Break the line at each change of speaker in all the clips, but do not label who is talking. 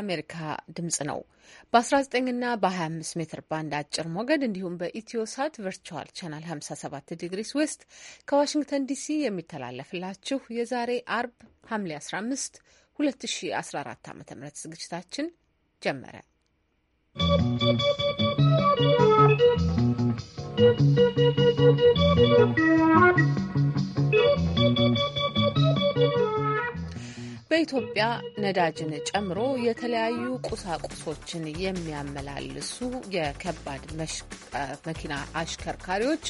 የአሜሪካ ድምጽ ነው። በ19ና በ25 ሜትር ባንድ አጭር ሞገድ እንዲሁም ሳት ቨርቹዋል ቻናል 57 ዲግሪስ ዌስት ከዋሽንግተን ዲሲ የሚተላለፍላችሁ የዛሬ አርብ ሐምሌ 15 2014 ዓ ም ዝግጅታችን ጀመረ። ¶¶ በኢትዮጵያ ነዳጅን ጨምሮ የተለያዩ ቁሳቁሶችን የሚያመላልሱ የከባድ መኪና አሽከርካሪዎች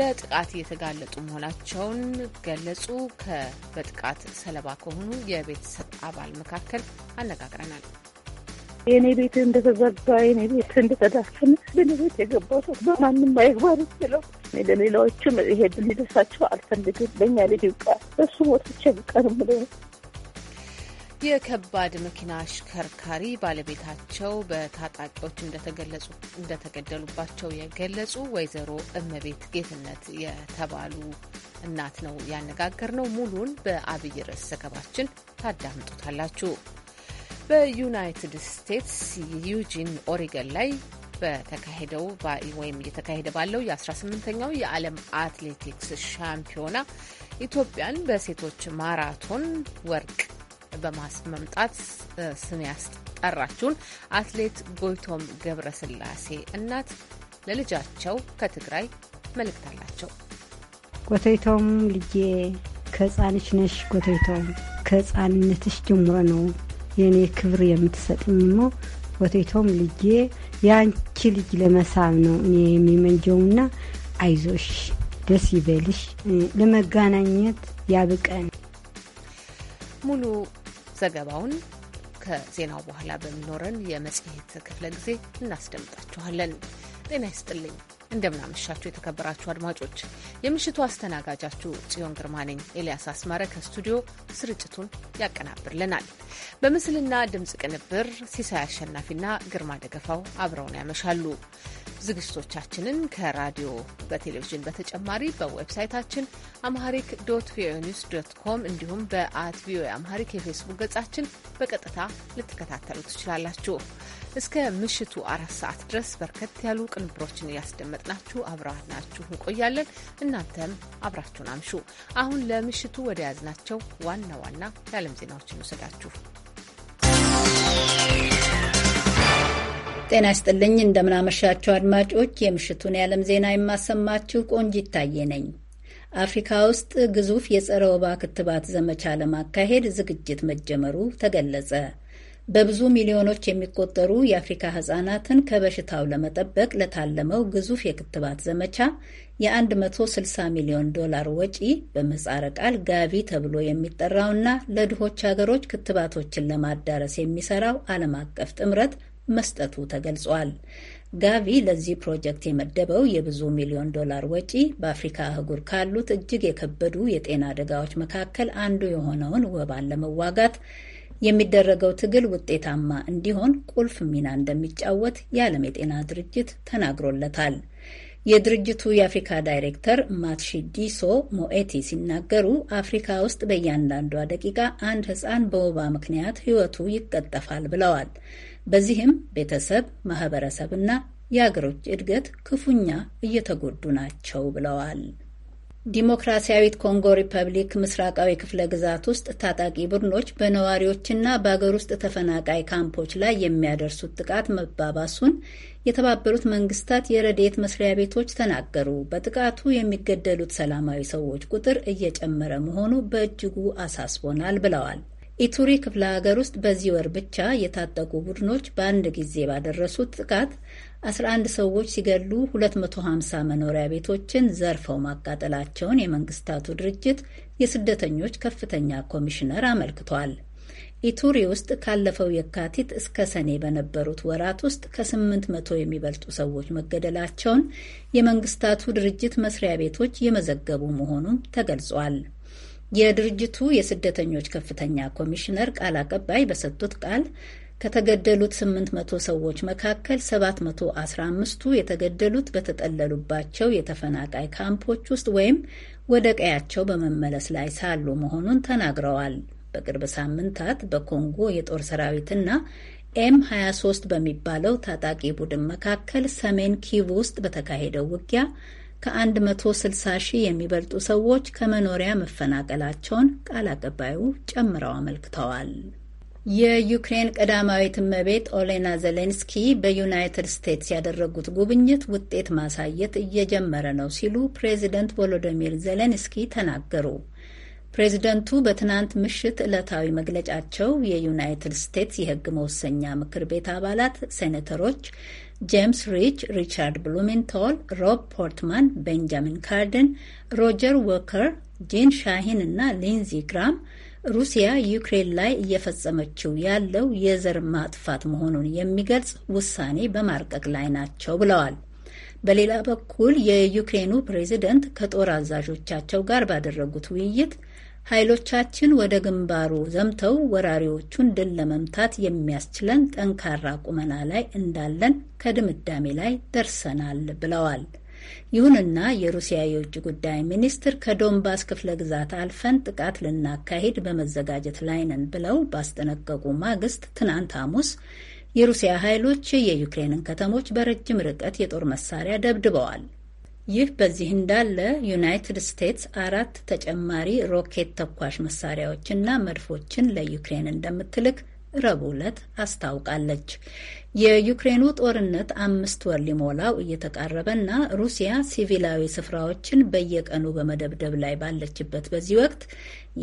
ለጥቃት እየተጋለጡ መሆናቸውን ገለጹ። በጥቃት ሰለባ ከሆኑ የቤተሰብ አባል መካከል አነጋግረናል።
የእኔ ቤት እንደተዘጋ የኔ ቤት እንደተዳፍን ለኔ ቤት የገባው ሰው በማንም አይግባር ስለው ለሌላዎችም ይሄ እንዲደርሳቸው አልፈልግም። በእኛ ልጅ ይብቃ እሱ ሞት ብቻ ብቃ ነው የምለው
የከባድ መኪና አሽከርካሪ ባለቤታቸው በታጣቂዎች እንደተገደሉባቸው የገለጹ ወይዘሮ እመቤት ጌትነት የተባሉ እናት ነው ያነጋገር ነው። ሙሉን በአብይ ርዕስ ዘገባችን ታዳምጡታላችሁ። በዩናይትድ ስቴትስ ዩጂን ኦሪገን ላይ በተካሄደው ወይም እየተካሄደ ባለው የ18ኛው የዓለም አትሌቲክስ ሻምፒዮና ኢትዮጵያን በሴቶች ማራቶን ወርቅ በማስመምጣት ስም ያስጠራችሁን አትሌት ጎይቶም ገብረስላሴ እናት ለልጃቸው ከትግራይ መልእክት አላቸው።
ጎተይቶም ልጄ ከህፃንሽ ነሽ። ጎተይቶም ከህፃንነትሽ ጀምሮ ነው የእኔ ክብር የምትሰጥኝ ሞ ጎተይቶም ልጄ የአንቺ ልጅ ለመሳብ ነው እኔ የሚመንጀውና አይዞሽ፣ ደስ ይበልሽ፣ ለመጋናኘት ያብቀን።
ሙሉ ዘገባውን ከዜናው በኋላ በሚኖረን የመጽሔት ክፍለ ጊዜ እናስደምጣችኋለን። ጤና ይስጥልኝ። እንደምናመሻችሁ የተከበራችሁ አድማጮች፣ የምሽቱ አስተናጋጃችሁ ጽዮን ግርማ ነኝ። ኤልያስ አስማረ ከስቱዲዮ ስርጭቱን ያቀናብርልናል። በምስልና ድምፅ ቅንብር ሲሳይ አሸናፊና ግርማ ደገፋው አብረውን ያመሻሉ። ዝግጅቶቻችንን ከራዲዮ በቴሌቪዥን በተጨማሪ በዌብሳይታችን አምሃሪክ ዶት ቪኦኤ ኒውስ ዶት ኮም እንዲሁም በአት ቪኦኤ አምሃሪክ የፌስቡክ ገጻችን በቀጥታ ልትከታተሉ ትችላላችሁ። እስከ ምሽቱ አራት ሰዓት ድረስ በርከት ያሉ ቅንብሮችን እያስደመጥናችሁ አብረናችሁ እንቆያለን። እናንተም አብራችሁን አምሹ። አሁን ለምሽቱ ወደ ያዝናቸው ዋና ዋና የዓለም ዜናዎችን ውሰዳችሁ።
ጤና ይስጥልኝ እንደምናመሻችሁ አድማጮች፣ የምሽቱን የዓለም ዜና የማሰማችሁ ቆንጅ ይታየ ነኝ። አፍሪካ ውስጥ ግዙፍ የጸረ ወባ ክትባት ዘመቻ ለማካሄድ ዝግጅት መጀመሩ ተገለጸ። በብዙ ሚሊዮኖች የሚቆጠሩ የአፍሪካ ህጻናትን ከበሽታው ለመጠበቅ ለታለመው ግዙፍ የክትባት ዘመቻ የ160 ሚሊዮን ዶላር ወጪ በምህጻረ ቃል ጋቢ ተብሎ የሚጠራውና ለድሆች ሀገሮች ክትባቶችን ለማዳረስ የሚሰራው ዓለም አቀፍ ጥምረት መስጠቱ ተገልጿል። ጋቪ ለዚህ ፕሮጀክት የመደበው የብዙ ሚሊዮን ዶላር ወጪ በአፍሪካ አህጉር ካሉት እጅግ የከበዱ የጤና አደጋዎች መካከል አንዱ የሆነውን ወባን ለመዋጋት የሚደረገው ትግል ውጤታማ እንዲሆን ቁልፍ ሚና እንደሚጫወት የዓለም የጤና ድርጅት ተናግሮለታል። የድርጅቱ የአፍሪካ ዳይሬክተር ማትሺዲሶ ሞኤቲ ሲናገሩ አፍሪካ ውስጥ በእያንዳንዷ ደቂቃ አንድ ሕፃን በወባ ምክንያት ሕይወቱ ይቀጠፋል ብለዋል። በዚህም ቤተሰብ፣ ማህበረሰብና የአገሮች እድገት ክፉኛ እየተጎዱ ናቸው ብለዋል። ዲሞክራሲያዊት ኮንጎ ሪፐብሊክ ምስራቃዊ ክፍለ ግዛት ውስጥ ታጣቂ ቡድኖች በነዋሪዎችና በአገር ውስጥ ተፈናቃይ ካምፖች ላይ የሚያደርሱት ጥቃት መባባሱን የተባበሩት መንግስታት የረድኤት መስሪያ ቤቶች ተናገሩ። በጥቃቱ የሚገደሉት ሰላማዊ ሰዎች ቁጥር እየጨመረ መሆኑ በእጅጉ አሳስቦናል ብለዋል ኢቱሪ ክፍለ ሀገር ውስጥ በዚህ ወር ብቻ የታጠቁ ቡድኖች በአንድ ጊዜ ባደረሱት ጥቃት 11 ሰዎች ሲገሉ 250 መኖሪያ ቤቶችን ዘርፈው ማቃጠላቸውን የመንግስታቱ ድርጅት የስደተኞች ከፍተኛ ኮሚሽነር አመልክቷል። ኢቱሪ ውስጥ ካለፈው የካቲት እስከ ሰኔ በነበሩት ወራት ውስጥ ከ800 የሚበልጡ ሰዎች መገደላቸውን የመንግስታቱ ድርጅት መስሪያ ቤቶች የመዘገቡ መሆኑም ተገልጿል። የድርጅቱ የስደተኞች ከፍተኛ ኮሚሽነር ቃል አቀባይ በሰጡት ቃል ከተገደሉት 800 ሰዎች መካከል 715ቱ የተገደሉት በተጠለሉባቸው የተፈናቃይ ካምፖች ውስጥ ወይም ወደ ቀያቸው በመመለስ ላይ ሳሉ መሆኑን ተናግረዋል። በቅርብ ሳምንታት በኮንጎ የጦር ሰራዊትና ኤም 23 በሚባለው ታጣቂ ቡድን መካከል ሰሜን ኪቭ ውስጥ በተካሄደው ውጊያ ከ160 ሺህ የሚበልጡ ሰዎች ከመኖሪያ መፈናቀላቸውን ቃል አቀባዩ ጨምረው አመልክተዋል። የዩክሬን ቀዳማዊት እመቤት ኦሌና ዜሌንስኪ በዩናይትድ ስቴትስ ያደረጉት ጉብኝት ውጤት ማሳየት እየጀመረ ነው ሲሉ ፕሬዚደንት ቮሎዶሚር ዜሌንስኪ ተናገሩ። ፕሬዚደንቱ በትናንት ምሽት ዕለታዊ መግለጫቸው የዩናይትድ ስቴትስ የሕግ መወሰኛ ምክር ቤት አባላት፣ ሴኔተሮች ጄምስ ሪች፣ ሪቻርድ ብሉሜንቶል፣ ሮብ ፖርትማን፣ ቤንጃሚን ካርደን፣ ሮጀር ወከር፣ ጂን ሻሂን እና ሊንዚ ግራም ሩሲያ ዩክሬን ላይ እየፈጸመችው ያለው የዘር ማጥፋት መሆኑን የሚገልጽ ውሳኔ በማርቀቅ ላይ ናቸው ብለዋል። በሌላ በኩል የዩክሬኑ ፕሬዚደንት ከጦር አዛዦቻቸው ጋር ባደረጉት ውይይት ኃይሎቻችን ወደ ግንባሩ ዘምተው ወራሪዎቹን ድል ለመምታት የሚያስችለን ጠንካራ ቁመና ላይ እንዳለን ከድምዳሜ ላይ ደርሰናል ብለዋል። ይሁንና የሩሲያ የውጭ ጉዳይ ሚኒስትር ከዶንባስ ክፍለ ግዛት አልፈን ጥቃት ልናካሂድ በመዘጋጀት ላይ ነን ብለው ባስጠነቀቁ ማግስት ትናንት ሐሙስ የሩሲያ ኃይሎች የዩክሬንን ከተሞች በረጅም ርቀት የጦር መሳሪያ ደብድበዋል። ይህ በዚህ እንዳለ ዩናይትድ ስቴትስ አራት ተጨማሪ ሮኬት ተኳሽ መሳሪያዎችና መድፎችን ለዩክሬን እንደምትልክ ረቡዕ ዕለት አስታውቃለች። የዩክሬኑ ጦርነት አምስት ወር ሊሞላው እየተቃረበና ሩሲያ ሲቪላዊ ስፍራዎችን በየቀኑ በመደብደብ ላይ ባለችበት በዚህ ወቅት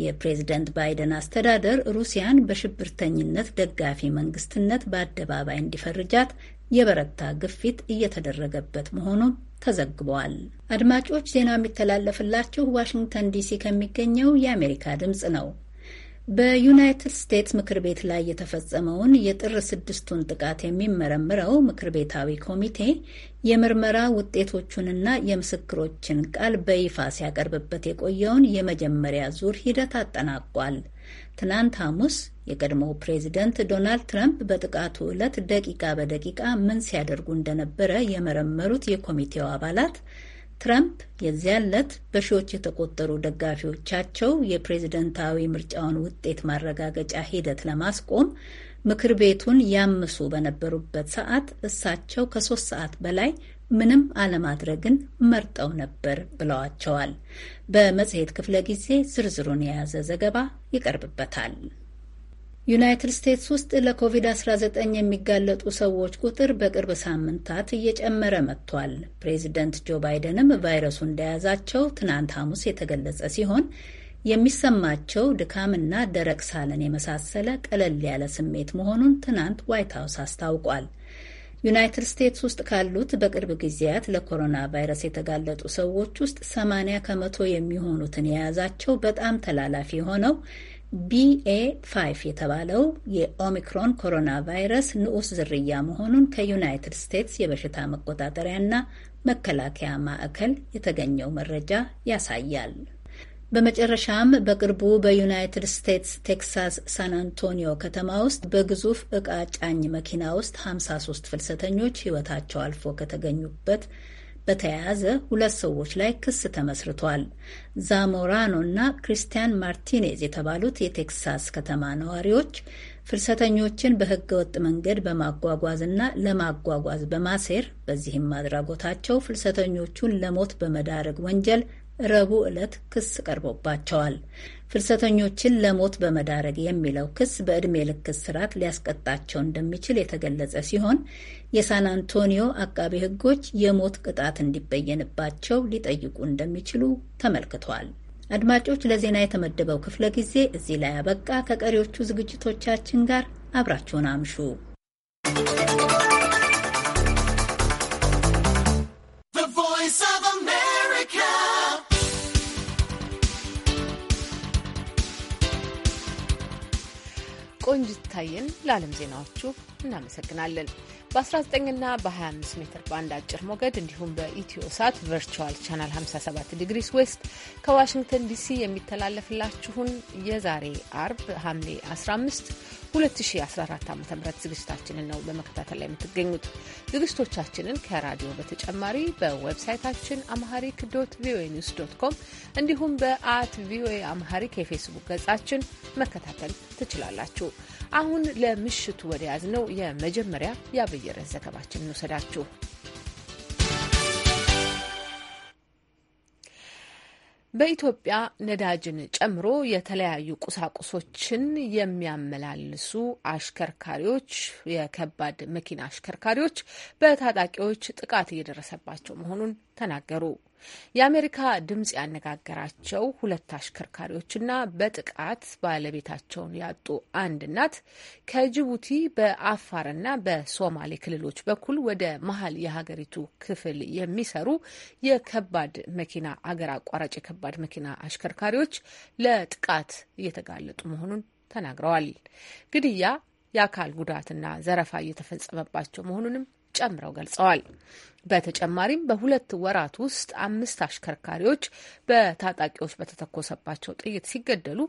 የፕሬዝደንት ባይደን አስተዳደር ሩሲያን በሽብርተኝነት ደጋፊ መንግስትነት በአደባባይ እንዲፈርጃት የበረታ ግፊት እየተደረገበት መሆኑን ተዘግበዋል። አድማጮች ዜናው የሚተላለፍላችሁ ዋሽንግተን ዲሲ ከሚገኘው የአሜሪካ ድምፅ ነው። በዩናይትድ ስቴትስ ምክር ቤት ላይ የተፈጸመውን የጥር ስድስቱን ጥቃት የሚመረምረው ምክር ቤታዊ ኮሚቴ የምርመራ ውጤቶቹንና የምስክሮችን ቃል በይፋ ሲያቀርብበት የቆየውን የመጀመሪያ ዙር ሂደት አጠናቋል። ትናንት ሐሙስ የቀድሞው ፕሬዚደንት ዶናልድ ትራምፕ በጥቃቱ ዕለት ደቂቃ በደቂቃ ምን ሲያደርጉ እንደነበረ የመረመሩት የኮሚቴው አባላት ትራምፕ የዚያን ዕለት በሺዎች የተቆጠሩ ደጋፊዎቻቸው የፕሬዝደንታዊ ምርጫውን ውጤት ማረጋገጫ ሂደት ለማስቆም ምክር ቤቱን ያምሱ በነበሩበት ሰዓት እሳቸው ከሶስት ሰዓት በላይ ምንም አለማድረግን መርጠው ነበር ብለዋቸዋል። በመጽሔት ክፍለ ጊዜ ዝርዝሩን የያዘ ዘገባ ይቀርብበታል። ዩናይትድ ስቴትስ ውስጥ ለኮቪድ-19 የሚጋለጡ ሰዎች ቁጥር በቅርብ ሳምንታት እየጨመረ መጥቷል። ፕሬዚደንት ጆ ባይደንም ቫይረሱ እንደያዛቸው ትናንት ሐሙስ የተገለጸ ሲሆን የሚሰማቸው ድካምና ደረቅ ሳለን የመሳሰለ ቀለል ያለ ስሜት መሆኑን ትናንት ዋይት ሀውስ አስታውቋል። ዩናይትድ ስቴትስ ውስጥ ካሉት በቅርብ ጊዜያት ለኮሮና ቫይረስ የተጋለጡ ሰዎች ውስጥ 80 ከመቶ የሚሆኑትን የያዛቸው በጣም ተላላፊ የሆነው ቢኤ 5 የተባለው የኦሚክሮን ኮሮና ቫይረስ ንዑስ ዝርያ መሆኑን ከዩናይትድ ስቴትስ የበሽታ መቆጣጠሪያና መከላከያ ማዕከል የተገኘው መረጃ ያሳያል። በመጨረሻም በቅርቡ በዩናይትድ ስቴትስ ቴክሳስ ሳን አንቶኒዮ ከተማ ውስጥ በግዙፍ ዕቃ ጫኝ መኪና ውስጥ 53 ፍልሰተኞች ሕይወታቸው አልፎ ከተገኙበት በተያያዘ ሁለት ሰዎች ላይ ክስ ተመስርቷል። ዛሞራኖ እና ክሪስቲያን ማርቲኔዝ የተባሉት የቴክሳስ ከተማ ነዋሪዎች ፍልሰተኞችን ወጥ መንገድ በማጓጓዝ እና ለማጓጓዝ በማሴር በዚህም አድራጎታቸው ፍልሰተኞቹን ለሞት በመዳረግ ወንጀል ረቡዕ ዕለት ክስ ቀርቦባቸዋል። ፍልሰተኞችን ለሞት በመዳረግ የሚለው ክስ በዕድሜ ልክ እስራት ሊያስቀጣቸው እንደሚችል የተገለጸ ሲሆን የሳን አንቶኒዮ አቃቢ ሕጎች የሞት ቅጣት እንዲበየንባቸው ሊጠይቁ እንደሚችሉ ተመልክቷል። አድማጮች፣ ለዜና የተመደበው ክፍለ ጊዜ እዚህ ላይ አበቃ። ከቀሪዎቹ ዝግጅቶቻችን ጋር አብራችሁን አምሹ።
ታየን ለዓለም ዜናዎቹ እናመሰግናለን። በ19ና በ25 ሜትር ባንድ አጭር ሞገድ እንዲሁም በኢትዮ ሳት ቨርቹዋል ቻናል 57 ዲግሪስ ዌስት ከዋሽንግተን ዲሲ የሚተላለፍላችሁን የዛሬ አርብ ሐምሌ 15 2014 ዓ ም ዝግጅታችንን ነው በመከታተል ላይ የምትገኙት። ዝግጅቶቻችንን ከራዲዮ በተጨማሪ በዌብሳይታችን አምሃሪክ ዶት ቪኦኤ ኒውስ ዶት ኮም እንዲሁም በአት ቪኦኤ አምሃሪክ የፌስቡክ ገጻችን መከታተል ትችላላችሁ። አሁን ለምሽቱ ወደ ያዝነው የመጀመሪያ ያበየረ ዘገባችን እንውሰዳችሁ። በኢትዮጵያ ነዳጅን ጨምሮ የተለያዩ ቁሳቁሶችን የሚያመላልሱ አሽከርካሪዎች የከባድ መኪና አሽከርካሪዎች በታጣቂዎች ጥቃት እየደረሰባቸው መሆኑን ተናገሩ። የአሜሪካ ድምጽ ያነጋገራቸው ሁለት አሽከርካሪዎችና በጥቃት ባለቤታቸውን ያጡ አንድ እናት ከጅቡቲ በአፋርና በሶማሌ ክልሎች በኩል ወደ መሀል የሀገሪቱ ክፍል የሚሰሩ የከባድ መኪና አገር አቋራጭ የከባድ መኪና አሽከርካሪዎች ለጥቃት እየተጋለጡ መሆኑን ተናግረዋል። ግድያ፣ የአካል ጉዳትና ዘረፋ እየተፈጸመባቸው መሆኑንም ጨምረው ገልጸዋል። በተጨማሪም በሁለት ወራት ውስጥ አምስት አሽከርካሪዎች በታጣቂዎች በተተኮሰባቸው ጥይት ሲገደሉ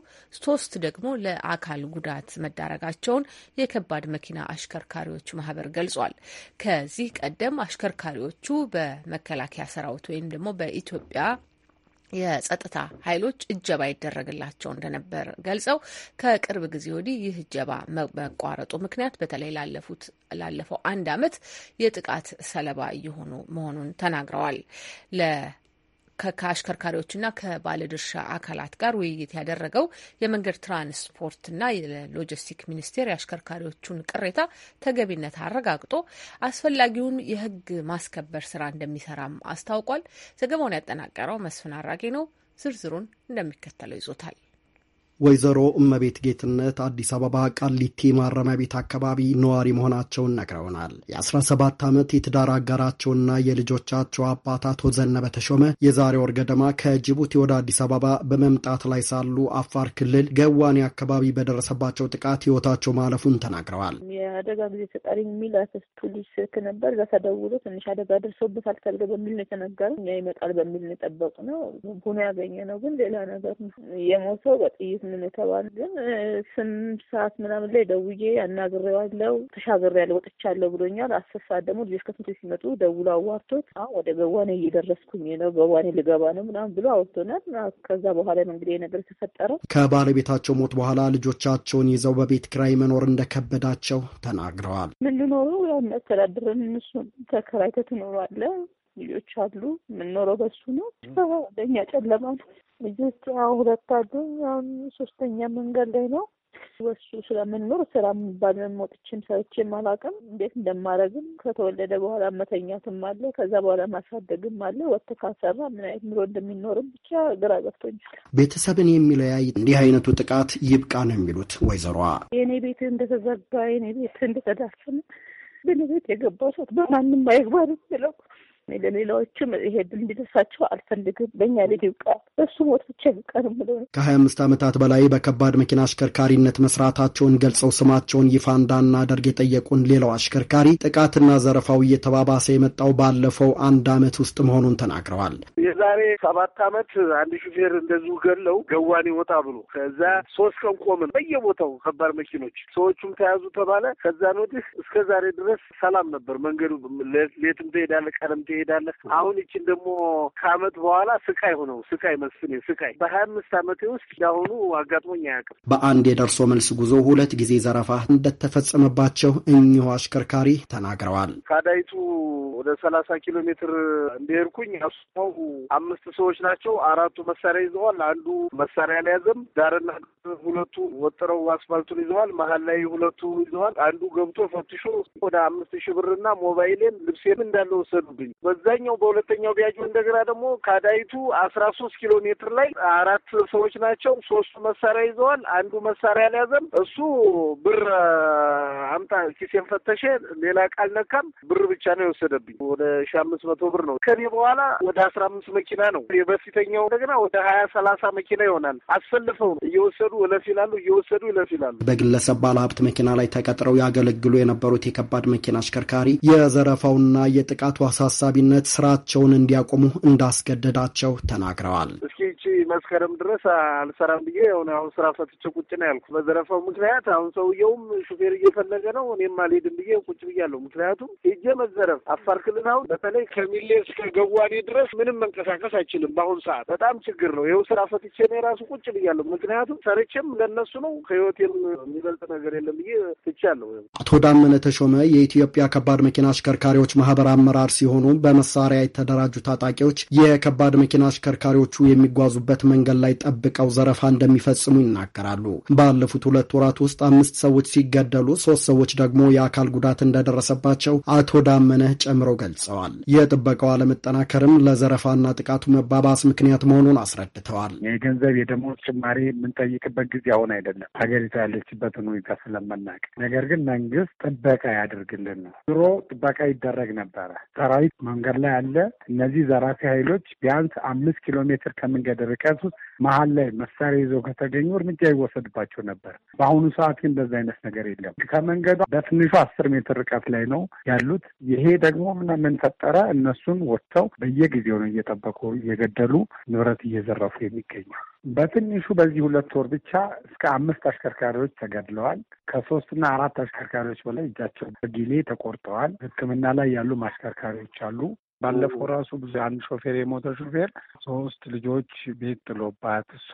ሶስት ደግሞ ለአካል ጉዳት መዳረጋቸውን የከባድ መኪና አሽከርካሪዎች ማህበር ገልጿል። ከዚህ ቀደም አሽከርካሪዎቹ በመከላከያ ሰራዊት ወይም ደግሞ በኢትዮጵያ የጸጥታ ኃይሎች እጀባ ይደረግላቸው እንደነበር ገልጸው ከቅርብ ጊዜ ወዲህ ይህ እጀባ መቋረጡ ምክንያት በተለይ ላለፉት ላለፈው አንድ ዓመት የጥቃት ሰለባ እየሆኑ መሆኑን ተናግረዋል። ከአሽከርካሪዎችና ከባለድርሻ አካላት ጋር ውይይት ያደረገው የመንገድ ትራንስፖርትና የሎጂስቲክ ሚኒስቴር የአሽከርካሪዎቹን ቅሬታ ተገቢነት አረጋግጦ አስፈላጊውን የሕግ ማስከበር ስራ እንደሚሰራም አስታውቋል። ዘገባውን ያጠናቀረው መስፍን አራጌ ነው። ዝርዝሩን እንደሚከተለው ይዞታል።
ወይዘሮ እመቤት ጌትነት አዲስ አበባ ቃሊቲ ማረሚያ ቤት አካባቢ ነዋሪ መሆናቸውን ነግረውናል። የ17 ዓመት የትዳር አጋራቸውና የልጆቻቸው አባት አቶ ዘነበ ተሾመ የዛሬ ወር ገደማ ከጅቡቲ ወደ አዲስ አበባ በመምጣት ላይ ሳሉ አፋር ክልል ገዋኔ አካባቢ በደረሰባቸው ጥቃት ህይወታቸው ማለፉን ተናግረዋል።
የአደጋ ጊዜ ተጠሪ የሚል ፖሊስ ስልክ ነበር። እዛ ተደውሎ ትንሽ አደጋ ደርሶበታል ተብሎ በሚል ነው የተነገረ። እኛ ይመጣል በሚል ነው የጠበቅነው። ሆኖ ነው ግን ሌላ ነገር ነው። የሞተው በጥይት ምን የተባሉ ግን ስምንት ሰዓት ምናምን ላይ ደውዬ አናግሬዋለሁ ተሻግሬያለሁ ወጥቻለሁ ብሎኛል። አስር ሰዓት ደግሞ ልጆች ከትምህርት ቤት ሲመጡ ደውሎ አዋርቶት አሁን ወደ ገዋኔ እየደረስኩኝ ነው ገዋኔ ልገባ ነው ምናምን ብሎ አውርቶናል። ከዛ በኋላ ነው እንግዲህ ነገር የተፈጠረው።
ከባለቤታቸው ሞት በኋላ ልጆቻቸውን ይዘው በቤት ኪራይ መኖር እንደከበዳቸው ተናግረዋል።
ምን ልኖረው ያው የሚያስተዳድረን እነሱ ተከራይተህ ትኖራለህ ልጆች አሉ። የምንኖረው በሱ ነው። ለእኛ ጨለማ ነው። ልጆች ሁለት አሉ። አሁን ሶስተኛ መንገድ ላይ ነው። በሱ ስለምንኖር ስራ የሚባል መሞጥችም ሰርቼም አላውቅም። እንዴት እንደማደርግም ከተወለደ በኋላ መተኛትም አለ፣ ከዛ በኋላ ማሳደግም አለ። ወጥቶ ካልሰራ ምን አይነት ኑሮ እንደሚኖርም ብቻ ግራ ገብቶኛል።
ቤተሰብን የሚለያይ እንዲህ አይነቱ ጥቃት ይብቃ ነው የሚሉት ወይዘሮ
የእኔ ቤት እንደተዘጋ፣ የእኔ ቤት እንደተዳፈነ፣ ብን ቤት የገባ ሰት በማንም አይግባ ነው ለሌላዎችም ይሄ እንዲደርሳቸው አልፈልግም። በእኛ ልጅ ይብቃ፣ እሱ ሞት ብቻ ይብቃ ነው የምለው።
ከሀያ
አምስት ዓመታት በላይ በከባድ መኪና አሽከርካሪነት መስራታቸውን ገልጸው ስማቸውን ይፋ እንዳናደርግ የጠየቁን ሌላው አሽከርካሪ ጥቃትና ዘረፋው እየተባባሰ የመጣው ባለፈው አንድ ዓመት ውስጥ መሆኑን ተናግረዋል።
የዛሬ ሰባት ዓመት አንድ ሹፌር እንደዚሁ ገለው ገዋን ይወጣ ብሎ ከዛ ሶስት ቀን ቆምን በየቦታው ከባድ መኪኖች፣ ሰዎቹም ተያዙ ተባለ። ከዛን ወዲህ እስከ ዛሬ ድረስ ሰላም ነበር መንገዱ። ሌትም ትሄዳለህ ቀለም ትሄዳለህ። አሁን ይችን ደግሞ ከአመት በኋላ ስቃይ ሆነው ስቃይ መስፍኔ ስቃይ በሀያ አምስት አመቴ ውስጥ ለአሁኑ አጋጥሞኝ አያውቅም።
በአንድ የደርሶ መልስ ጉዞ ሁለት ጊዜ ዘረፋ እንደተፈጸመባቸው እኚሁ አሽከርካሪ ተናግረዋል።
ከአዳይቱ ወደ ሰላሳ ኪሎ ሜትር እንደሄድኩኝ አሱማው አምስት ሰዎች ናቸው። አራቱ መሳሪያ ይዘዋል። አንዱ መሳሪያ አልያዘም። ዳርና ሁለቱ ወጥረው አስፋልቱን ይዘዋል። መሀል ላይ ሁለቱ ይዘዋል። አንዱ ገብቶ ፈትሾ ወደ አምስት ሺህ ብርና ሞባይሌን ልብሴን እንዳለ ወሰዱብኝ። በዛኛው በሁለተኛው ቢያጁ እንደገና ደግሞ ካዳይቱ አስራ ሶስት ኪሎ ሜትር ላይ አራት ሰዎች ናቸው። ሶስቱ መሳሪያ ይዘዋል። አንዱ መሳሪያ አልያዘም። እሱ ብር አምጣ ኪሴን ፈተሸ። ሌላ ቃል ነካም ብር ብቻ ነው የወሰደብኝ። ወደ ሺ አምስት መቶ ብር ነው። ከኔ በኋላ ወደ አስራ አምስት መኪና ነው የበፊተኛው። እንደገና ወደ ሀያ ሰላሳ መኪና ይሆናል። አስፈልፈው ነው እየወሰዱ እለፍ ይላሉ፣ እየወሰዱ እለፍ ይላሉ።
በግለሰብ ባለ ሀብት መኪና ላይ ተቀጥረው ያገለግሉ የነበሩት የከባድ መኪና አሽከርካሪ የዘረፋውና የጥቃቱ አሳሳቢ ሰብሳቢነት ስራቸውን እንዲያቆሙ እንዳስገደዳቸው ተናግረዋል።
እስኪ መስከረም ድረስ አልሰራም ብዬ የሆነ አሁን ስራ ፈትቼ ቁጭ ነው ያልኩ በዘረፋው ምክንያት። አሁን ሰውየውም ሹፌር እየፈለገ ነው፣ እኔም አልሄድም ብዬ ቁጭ ብያለሁ። ምክንያቱም ሄጄ መዘረፍ አፋር ክልል አሁን በተለይ ከሚሌ እስከ ገዋኔ ድረስ ምንም መንቀሳቀስ አይችልም። በአሁኑ ሰዓት በጣም ችግር ነው። ይኸው ስራ ፈትቼ ነው የራሱ ቁጭ ብያለሁ። ምክንያቱም ሰርቼም ለነሱ ነው ከህይወቴም የሚበልጥ ነገር የለም ብዬ ትቻለሁ። አቶ
ዳመነ ተሾመ የኢትዮጵያ ከባድ መኪና አሽከርካሪዎች ማህበር አመራር ሲሆኑ በመሳሪያ የተደራጁ ታጣቂዎች የከባድ መኪና አሽከርካሪዎቹ የሚጓዙ በሚደርሱበት መንገድ ላይ ጠብቀው ዘረፋ እንደሚፈጽሙ ይናገራሉ። ባለፉት ሁለት ወራት ውስጥ አምስት ሰዎች ሲገደሉ፣ ሶስት ሰዎች ደግሞ የአካል ጉዳት እንደደረሰባቸው አቶ ዳመነህ ጨምረው ገልጸዋል። የጥበቃው አለመጠናከርም ለዘረፋና ጥቃቱ መባባስ ምክንያት መሆኑን
አስረድተዋል። የገንዘብ የደሞዝ ጭማሪ የምንጠይቅበት ጊዜ አሁን አይደለም፣ ሀገሪቱ ያለችበትን ሁኔታ ስለመናቅ። ነገር ግን መንግስት ጥበቃ ያደርግልን ነው። ድሮ ጥበቃ ይደረግ ነበረ። ሰራዊት መንገድ ላይ አለ። እነዚህ ዘራፊ ኃይሎች ቢያንስ አምስት ኪሎ ሜትር ከመንገድ ርቀት መሀል ላይ መሳሪያ ይዘው ከተገኙ እርምጃ ይወሰድባቸው ነበር። በአሁኑ ሰዓት ግን በዛ አይነት ነገር የለም። ከመንገዱ በትንሹ አስር ሜትር ርቀት ላይ ነው ያሉት። ይሄ ደግሞ ምናምን ፈጠረ? እነሱን ወጥተው በየጊዜው ነው እየጠበቁ እየገደሉ ንብረት እየዘረፉ የሚገኘው። በትንሹ በዚህ ሁለት ወር ብቻ እስከ አምስት አሽከርካሪዎች ተገድለዋል። ከሶስትና አራት አሽከርካሪዎች በላይ እጃቸው በጊሌ ተቆርጠዋል። ሕክምና ላይ ያሉ ማሽከርካሪዎች አሉ። ባለፈው ራሱ ብዙ አንድ ሾፌር የሞተ ሾፌር ሶስት ልጆች ቤት ጥሎባት እሷ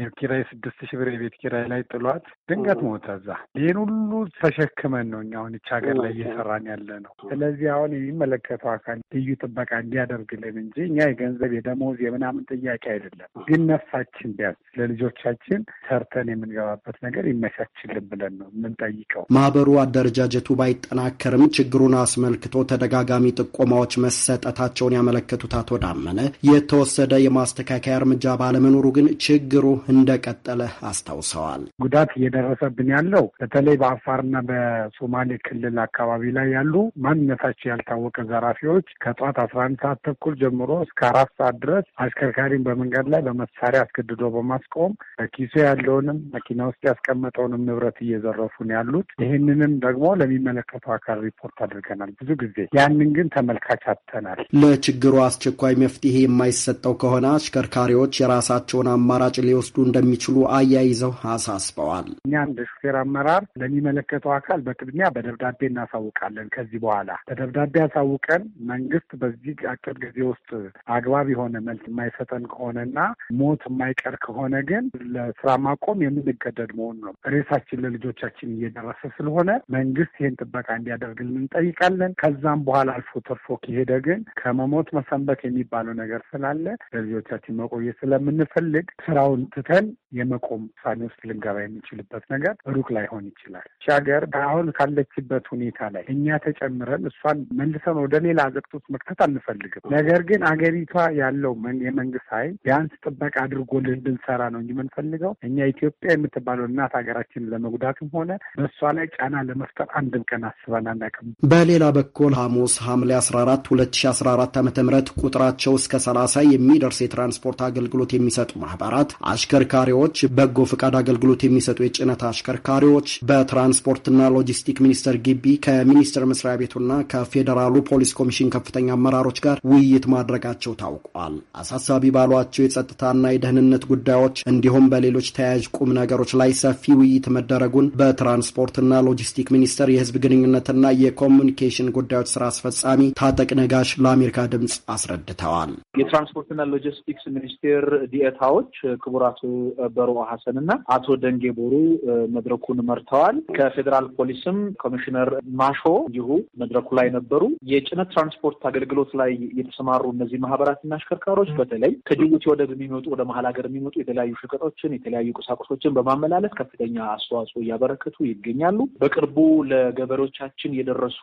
የኪራይ ስድስት ሺህ ብር የቤት ኪራይ ላይ ጥሏት ድንገት ሞተ። እዛ ይህን ሁሉ ተሸክመን ነው እኛ አሁን ይህች ሀገር ላይ እየሰራን ያለ ነው። ስለዚህ አሁን የሚመለከተው አካል ልዩ ጥበቃ እንዲያደርግልን እንጂ እኛ የገንዘብ የደሞዝ የምናምን ጥያቄ አይደለም። ግን ነፍሳችን ቢያንስ ለልጆቻችን ሰርተን የምንገባበት ነገር ይመቻችልን ብለን ነው የምንጠይቀው። ማህበሩ
አደረጃጀቱ ባይጠናከርም ችግሩን አስመልክቶ ተደጋጋሚ ጥቆማዎች መሰጠታቸውን ያመለከቱት አቶ ዳመነ የተወሰደ የማስተካከያ እርምጃ ባለመኖሩ ግን ችግሩ
እንደቀጠለ አስታውሰዋል። ጉዳት እየደረሰብን ያለው በተለይ በአፋርና በሶማሌ ክልል አካባቢ ላይ ያሉ ማንነታቸው ያልታወቀ ዘራፊዎች ከጠዋት አስራ አንድ ሰዓት ተኩል ጀምሮ እስከ አራት ሰዓት ድረስ አሽከርካሪን በመንገድ ላይ በመሳሪያ አስገድዶ በማስቆም በኪሶ ያለውንም መኪና ውስጥ ያስቀመጠውንም ንብረት እየዘረፉን ያሉት። ይህንንም ደግሞ ለሚመለከተው አካል ሪፖርት አድርገናል ብዙ ጊዜ። ያንን ግን ተመልካች አጥተናል።
ለችግሩ
አስቸኳይ መፍትሄ የማይሰጠው ከሆነ አሽከርካሪዎች የራሳቸውን አማራጭ ሊወስ ሊወስዱ እንደሚችሉ አያይዘው
አሳስበዋል። እኛ እንደ ሹፌር አመራር ለሚመለከተው አካል በቅድሚያ በደብዳቤ እናሳውቃለን። ከዚህ በኋላ በደብዳቤ አሳውቀን መንግስት በዚህ አጭር ጊዜ ውስጥ አግባብ የሆነ መልስ የማይሰጠን ከሆነና ሞት የማይቀር ከሆነ ግን ለስራ ማቆም የምንገደድ መሆን ነው። ሬሳችን ለልጆቻችን እየደረሰ ስለሆነ መንግስት ይህን ጥበቃ እንዲያደርግልን እንጠይቃለን። ከዛም በኋላ አልፎ ተርፎ ከሄደ ግን ከመሞት መሰንበት የሚባለው ነገር ስላለ ለልጆቻችን መቆየት ስለምንፈልግ ስራውን ትተን የመቆም ውሳኔ ውስጥ ልንገባ የምንችልበት ነገር ሩቅ ላይሆን ይችላል። ይህች ሀገር አሁን ካለችበት ሁኔታ ላይ እኛ ተጨምረን እሷን መልሰን ወደ ሌላ አዘቅት ውስጥ መክተት አንፈልግም። ነገር ግን አገሪቷ ያለው የመንግስት ኃይል ቢያንስ ጥበቃ አድርጎልን ብንሰራ ነው እንጂ የምንፈልገው እኛ ኢትዮጵያ የምትባለው እናት ሀገራችን ለመጉዳትም ሆነ በእሷ ላይ ጫና ለመፍጠር አንድም ቀን አስበን አናውቅም።
በሌላ በኩል ሐሙስ ሐምሌ 14 2014 ዓ ም ቁጥራቸው እስከ 30 የሚደርስ የትራንስፖርት አገልግሎት የሚሰጡ ማህበራት አሽ አሽከርካሪዎች፣ በጎ ፈቃድ አገልግሎት የሚሰጡ የጭነት አሽከርካሪዎች በትራንስፖርትና ሎጂስቲክ ሚኒስቴር ግቢ ከሚኒስቴር መስሪያ ቤቱና ከፌዴራሉ ፖሊስ ኮሚሽን ከፍተኛ አመራሮች ጋር ውይይት ማድረጋቸው ታውቋል። አሳሳቢ ባሏቸው የጸጥታና የደህንነት ጉዳዮች እንዲሁም በሌሎች ተያያዥ ቁም ነገሮች ላይ ሰፊ ውይይት መደረጉን በትራንስፖርትና ሎጂስቲክ ሚኒስቴር የህዝብ ግንኙነትና የኮሚኒኬሽን ጉዳዮች ስራ አስፈጻሚ ታጠቅ ነጋሽ ለአሜሪካ ድምፅ አስረድተዋል።
የትራንስፖርትና ሎጂስቲክስ ሚኒስቴር ዲኤታዎች ክቡር አቶ በሮ ሀሰን እና አቶ ደንጌ ቦሩ መድረኩን መርተዋል። ከፌዴራል ፖሊስም ኮሚሽነር ማሾ እንዲሁ መድረኩ ላይ ነበሩ። የጭነት ትራንስፖርት አገልግሎት ላይ የተሰማሩ እነዚህ ማህበራትና አሽከርካሪዎች በተለይ ከጅቡቲ ወደብ የሚመጡ ወደ መሀል ሀገር የሚመጡ የተለያዩ ሸቀጦችን የተለያዩ ቁሳቁሶችን በማመላለስ ከፍተኛ አስተዋጽኦ እያበረከቱ ይገኛሉ። በቅርቡ ለገበሬዎቻችን የደረሱ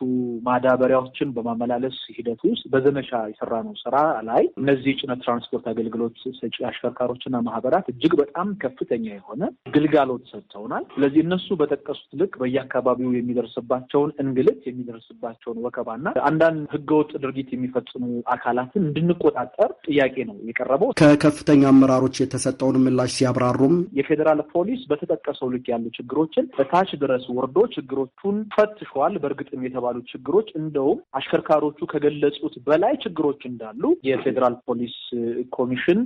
ማዳበሪያዎችን በማመላለስ ሂደት ውስጥ በዘመቻ የሰራነው ስራ ላይ እነዚህ ጭነት ትራንስፖርት አገልግሎት ሰጪ አሽከርካሪዎችና ማህበራት እጅግ በጣም ከፍተኛ የሆነ ግልጋሎት ሰጥተውናል። ስለዚህ እነሱ በጠቀሱት ልክ በየአካባቢው የሚደርስባቸውን እንግልት፣ የሚደርስባቸውን ወከባና አንዳንድ ህገወጥ ድርጊት የሚፈጽሙ አካላትን እንድንቆጣጠር ጥያቄ ነው የቀረበው።
ከከፍተኛ አመራሮች የተሰጠውን ምላሽ ሲያብራሩም
የፌዴራል ፖሊስ በተጠቀሰው ልክ ያሉ ችግሮችን በታች ድረስ ወርዶ ችግሮቹን ፈትሸዋል። በእርግጥም የተባሉ ችግሮች እንደውም አሽከርካሪዎቹ ከገለጹት በላይ ችግሮች እንዳሉ የፌዴራል ፖሊስ ኮሚሽን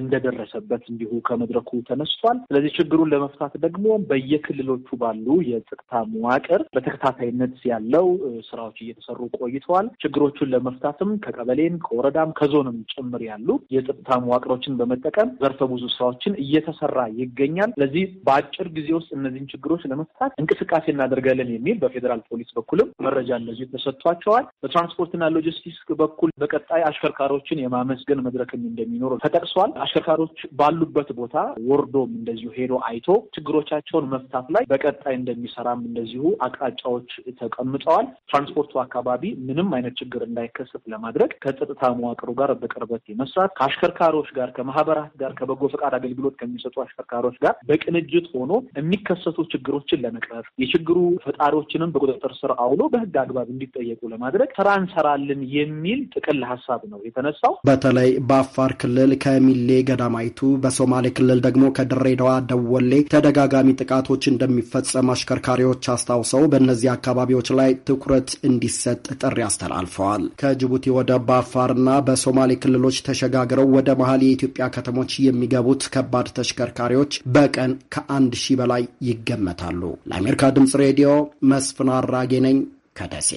እንደደረሰበት እንዲሁ ከመ መድረኩ ተነስቷል። ስለዚህ ችግሩን ለመፍታት ደግሞ በየክልሎቹ ባሉ የጸጥታ መዋቅር በተከታታይነት ያለው ስራዎች እየተሰሩ ቆይተዋል። ችግሮቹን ለመፍታትም ከቀበሌም ከወረዳም ከዞንም ጭምር ያሉ የጸጥታ መዋቅሮችን በመጠቀም ዘርፈ ብዙ ስራዎችን እየተሰራ ይገኛል። ስለዚህ በአጭር ጊዜ ውስጥ እነዚህን ችግሮች ለመፍታት እንቅስቃሴ እናደርጋለን የሚል በፌዴራል ፖሊስ በኩልም መረጃ እንደዚሁ ተሰጥቷቸዋል። በትራንስፖርትና ሎጂስቲክስ በኩል በቀጣይ አሽከርካሪዎችን የማመስገን መድረክም እንደሚኖር ተጠቅሷል። አሽከርካሪዎች ባሉበት ቦታ ወርዶም እንደዚሁ ሄዶ አይቶ ችግሮቻቸውን መፍታት ላይ በቀጣይ እንደሚሰራም እንደዚሁ አቅጣጫዎች ተቀምጠዋል። ትራንስፖርቱ አካባቢ ምንም አይነት ችግር እንዳይከሰት ለማድረግ ከጸጥታ መዋቅሩ ጋር በቅርበት የመስራት ከአሽከርካሪዎች ጋር ከማህበራት ጋር ከበጎ ፈቃድ አገልግሎት ከሚሰጡ አሽከርካሪዎች ጋር በቅንጅት ሆኖ የሚከሰቱ ችግሮችን ለመቅረፍ የችግሩ ፈጣሪዎችንም በቁጥጥር ስር አውሎ በህግ አግባብ እንዲጠየቁ ለማድረግ ስራ እንሰራለን የሚል ጥቅል ሀሳብ ነው የተነሳው።
በተለይ በአፋር ክልል ከሚሌ ገዳማይቱ በሶማሌ ክልል ደግሞ ከድሬዳዋ ደወሌ ተደጋጋሚ ጥቃቶች እንደሚፈጸም አሽከርካሪዎች አስታውሰው በእነዚህ አካባቢዎች ላይ ትኩረት እንዲሰጥ ጥሪ አስተላልፈዋል። ከጅቡቲ ወደ በአፋርና በሶማሌ ክልሎች ተሸጋግረው ወደ መሀል የኢትዮጵያ ከተሞች የሚገቡት ከባድ ተሽከርካሪዎች በቀን ከአንድ ሺህ በላይ ይገመታሉ። ለአሜሪካ ድምፅ ሬዲዮ መስፍን አራጌ
ነኝ ከደሴ።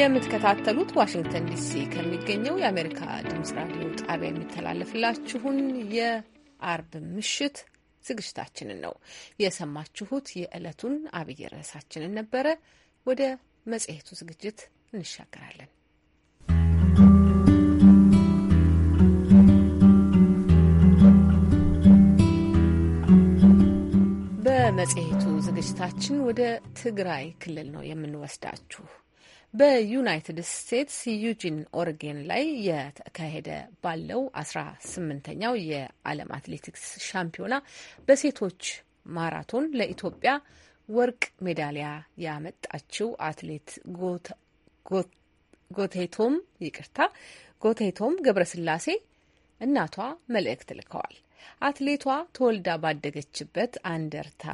የምትከታተሉት ዋሽንግተን ዲሲ ከሚገኘው የአሜሪካ ድምጽ ራዲዮ ጣቢያ የሚተላለፍላችሁን የአርብ ምሽት ዝግጅታችንን ነው የሰማችሁት። የዕለቱን አብይ ርዕሳችንን ነበረ። ወደ መጽሔቱ ዝግጅት እንሻገራለን። በመጽሔቱ ዝግጅታችን ወደ ትግራይ ክልል ነው የምንወስዳችሁ። በዩናይትድ ስቴትስ ዩጂን ኦርጌን ላይ የተካሄደ ባለው አስራ ስምንተኛው የዓለም አትሌቲክስ ሻምፒዮና በሴቶች ማራቶን ለኢትዮጵያ ወርቅ ሜዳሊያ ያመጣችው አትሌት ጎቴቶም ይቅርታ ጎቴቶም ገብረስላሴ እናቷ መልእክት ልከዋል። አትሌቷ ተወልዳ ባደገችበት አንደርታ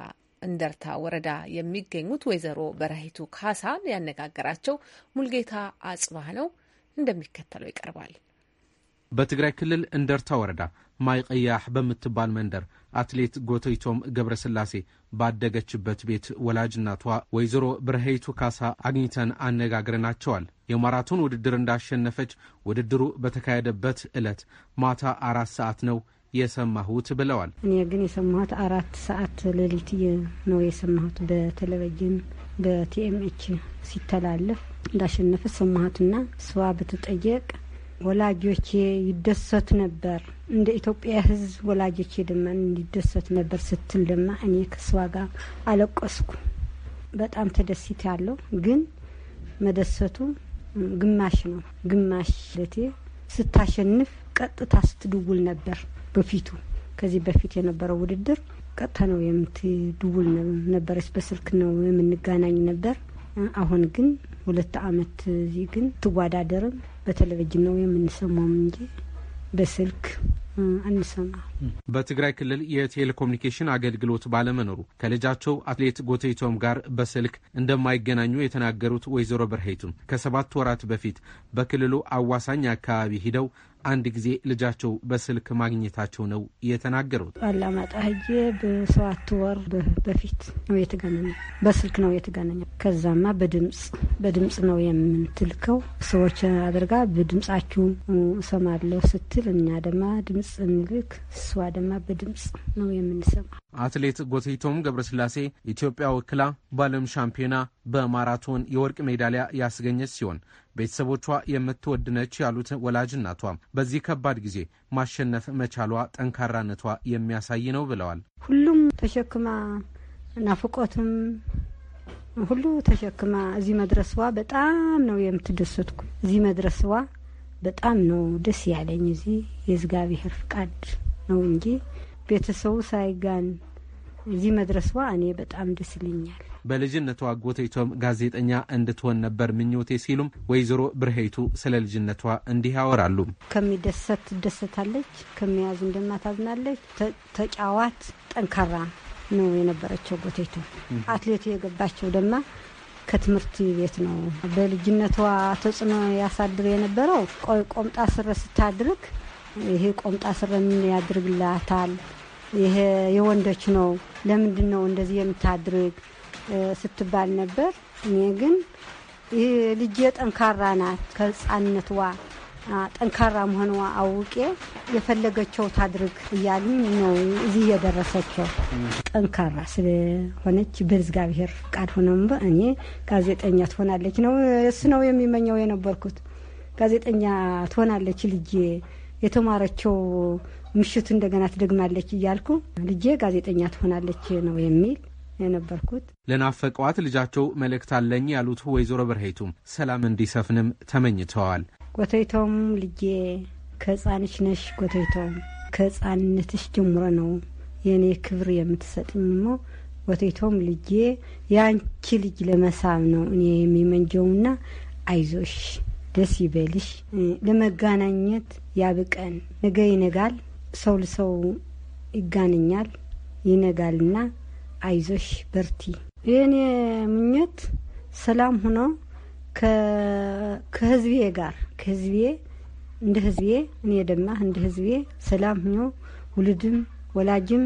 እንደርታ ወረዳ የሚገኙት ወይዘሮ በረሂቱ ካሳን ያነጋገራቸው ሙልጌታ አጽባህ ነው። እንደሚከተለው ይቀርባል።
በትግራይ ክልል እንደርታ ወረዳ ማይቀያህ በምትባል መንደር አትሌት ጎተይቶም ገብረስላሴ ባደገችበት ቤት ወላጅ እናቷ ወይዘሮ ብርሃይቱ ካሳ አግኝተን አነጋግረናቸዋል። የማራቶን ውድድር እንዳሸነፈች ውድድሩ በተካሄደበት ዕለት ማታ አራት ሰዓት ነው የሰማሁት ብለዋል።
እኔ ግን የሰማሁት አራት ሰዓት ሌሊት ነው የሰማሁት በቴሌቪዥን በቲኤምኤች ሲተላለፍ እንዳሸነፈ ሰማሁትና ስዋ ብትጠየቅ ወላጆቼ ይደሰት ነበር፣ እንደ ኢትዮጵያ ሕዝብ ወላጆቼ ድማ እንዲደሰት ነበር ስትል ድማ እኔ ከስዋ ጋር አለቀስኩ። በጣም ተደሲት ያለው ግን መደሰቱ ግማሽ ነው ግማሽ ለቴ ስታሸንፍ ቀጥታ ስትድውል ነበር በፊቱ ከዚህ በፊት የነበረው ውድድር ቀጥታ ነው የምትድውል ነበረች። በስልክ ነው የምንገናኝ ነበር። አሁን ግን ሁለት አመት እዚህ ግን ትወዳደርም በቴሌቪዥን ነው የምንሰማው እንጂ በስልክ አንሰማ።
በትግራይ ክልል የቴሌኮሙኒኬሽን አገልግሎት ባለመኖሩ ከልጃቸው አትሌት ጎተይቶም ጋር በስልክ እንደማይገናኙ የተናገሩት ወይዘሮ በርሄቱም ከሰባት ወራት በፊት በክልሉ አዋሳኝ አካባቢ ሂደው አንድ ጊዜ ልጃቸው በስልክ ማግኘታቸው ነው የተናገሩት።
አላማጣ ህዬ በሰባት ወር በፊት ነው የተገናኘ፣ በስልክ ነው የተገናኘ። ከዛማ በድምፅ በድምፅ ነው የምንትልከው ሰዎች አድርጋ በድምፃችሁ እሰማለሁ ስትል እኛ ደማ ድምፅ እንልክ፣ እሷ ደማ በድምፅ ነው የምንሰማ።
አትሌት ጎቴቶም ገብረስላሴ ኢትዮጵያ ወክላ በዓለም ሻምፒዮና በማራቶን የወርቅ ሜዳሊያ ያስገኘች ሲሆን ቤተሰቦቿ የምትወድ ነች ያሉት ወላጅ እናቷ በዚህ ከባድ ጊዜ ማሸነፍ መቻሏ ጠንካራነቷ የሚያሳይ ነው ብለዋል።
ሁሉም ተሸክማ ናፍቆትም ሁሉ ተሸክማ እዚህ መድረስዋ በጣም ነው የምትደሰትኩ። እዚህ መድረስዋ በጣም ነው ደስ ያለኝ። እዚህ የእግዚአብሔር ፍቃድ ነው እንጂ ቤተሰቡ ሳይጋን እዚህ መድረስዋ እኔ በጣም ደስ ይለኛል።
በልጅነቷ ጎተይቶም ጋዜጠኛ እንድትሆን ነበር ምኞቴ ሲሉም ወይዘሮ ብርሄቱ ስለ ልጅነቷ እንዲህ ያወራሉ።
ከሚደሰት ትደሰታለች፣ ከሚያዝ እንደማታዝናለች። ተጫዋት ጠንካራ ነው የነበረችው ጎተይቶ። አትሌቱ የገባቸው ደማ ከትምህርት ቤት ነው። በልጅነቷ ተጽዕኖ ያሳድር የነበረው ቆምጣ ስረ ስታድርግ ይሄ ቆምጣ ስረ ምን ያድርግላታል? ይሄ የወንዶች ነው፣ ለምንድን ነው እንደዚህ የምታድርግ ስትባል ነበር። እኔ ግን ልጄ ጠንካራ ናት ከህፃንነትዋ ጠንካራ መሆንዋ አውቄ የፈለገቸው ታድርግ እያሉኝ ነው እዚህ የደረሰችው። ጠንካራ ስለሆነች በእግዚአብሔር ፍቃድ ሆነ እኔ ጋዜጠኛ ትሆናለች ነው እሱ ነው የሚመኘው የነበርኩት። ጋዜጠኛ ትሆናለች ልጄ የተማረችው ምሽቱ እንደገና ትደግማለች እያልኩ ልጄ ጋዜጠኛ ትሆናለች ነው የሚል የነበርኩት።
ለናፈቀዋት ልጃቸው መልእክት አለኝ ያሉት ወይዘሮ በርሄቱም ሰላም እንዲሰፍንም
ተመኝተዋል። ጎተይቶም ልጄ ከህፃንሽ ነሽ። ጎተይቶም ከህፃንነትሽ ጀምሮ ነው የእኔ ክብር ሞ ወቴቶም ልጄ የአንቺ ልጅ ለመሳብ ነው እኔ የሚመንጀውና አይዞሽ፣ ደስ ይበልሽ፣ ለመጋናኘት ያብቀን። ነገ ይነጋል፣ ሰው ለሰው ይጋነኛል፣ ይነጋልና አይዞሽ በርቲ። የእኔ ምኞት ሰላም ሆኖ ከህዝቤ ጋር ከህዝቤ እንደ ህዝቤ እኔ ደማ እንደ ህዝቤ ሰላም ሆኖ ውልድም ወላጅም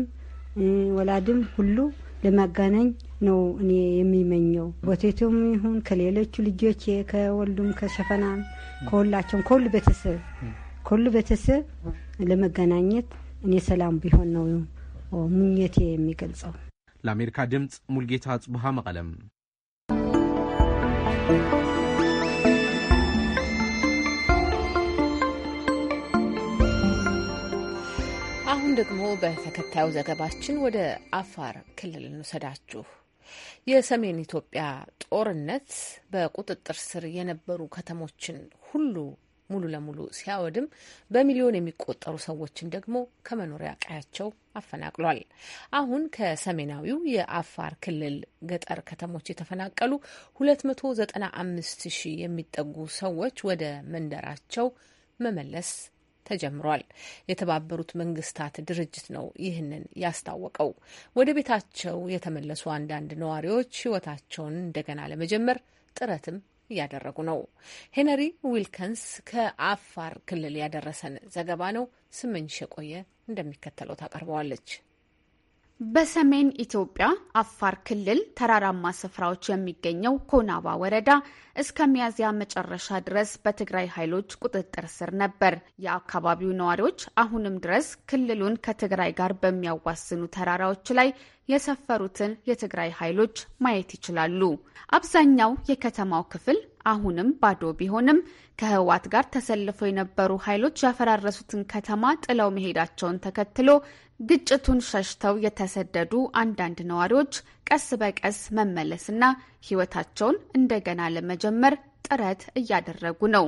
ወላድም ሁሉ ለማጋነኝ ነው እኔ የሚመኘው። ቦቴቶም ይሁን ከሌሎቹ ልጆቼ ከወልዱም ከሸፈናም ከሁላቸውም ከሁሉ ቤተሰብ ከሁሉ ቤተሰብ ለመገናኘት እኔ ሰላም ቢሆን ነው ምኞቴ የሚገልጸው።
ለአሜሪካ ድምፅ ሙልጌታ ጽቡሃ መቀለም
አሁን ደግሞ በተከታዩ ዘገባችን ወደ አፋር ክልል እንውሰዳችሁ። የሰሜን ኢትዮጵያ ጦርነት በቁጥጥር ስር የነበሩ ከተሞችን ሁሉ ሙሉ ለሙሉ ሲያወድም በሚሊዮን የሚቆጠሩ ሰዎችን ደግሞ ከመኖሪያ ቀያቸው አፈናቅሏል። አሁን ከሰሜናዊው የአፋር ክልል ገጠር ከተሞች የተፈናቀሉ 295 ሺህ የሚጠጉ ሰዎች ወደ መንደራቸው መመለስ ተጀምሯል። የተባበሩት መንግስታት ድርጅት ነው ይህንን ያስታወቀው። ወደ ቤታቸው የተመለሱ አንዳንድ ነዋሪዎች ህይወታቸውን እንደገና ለመጀመር ጥረትም እያደረጉ ነው። ሄነሪ ዊልከንስ ከአፋር ክልል ያደረሰን ዘገባ ነው። ስምንሽ የቆየ እንደሚከተለው ታቀርበዋለች። በሰሜን ኢትዮጵያ አፋር ክልል
ተራራማ ስፍራዎች የሚገኘው ኮናባ ወረዳ እስከ ሚያዝያ መጨረሻ ድረስ በትግራይ ኃይሎች ቁጥጥር ስር ነበር። የአካባቢው ነዋሪዎች አሁንም ድረስ ክልሉን ከትግራይ ጋር በሚያዋስኑ ተራራዎች ላይ የሰፈሩትን የትግራይ ኃይሎች ማየት ይችላሉ። አብዛኛው የከተማው ክፍል አሁንም ባዶ ቢሆንም ከህወሓት ጋር ተሰልፈው የነበሩ ኃይሎች ያፈራረሱትን ከተማ ጥለው መሄዳቸውን ተከትሎ ግጭቱን ሸሽተው የተሰደዱ አንዳንድ ነዋሪዎች ቀስ በቀስ መመለስና ሕይወታቸውን እንደገና ለመጀመር ጥረት እያደረጉ ነው።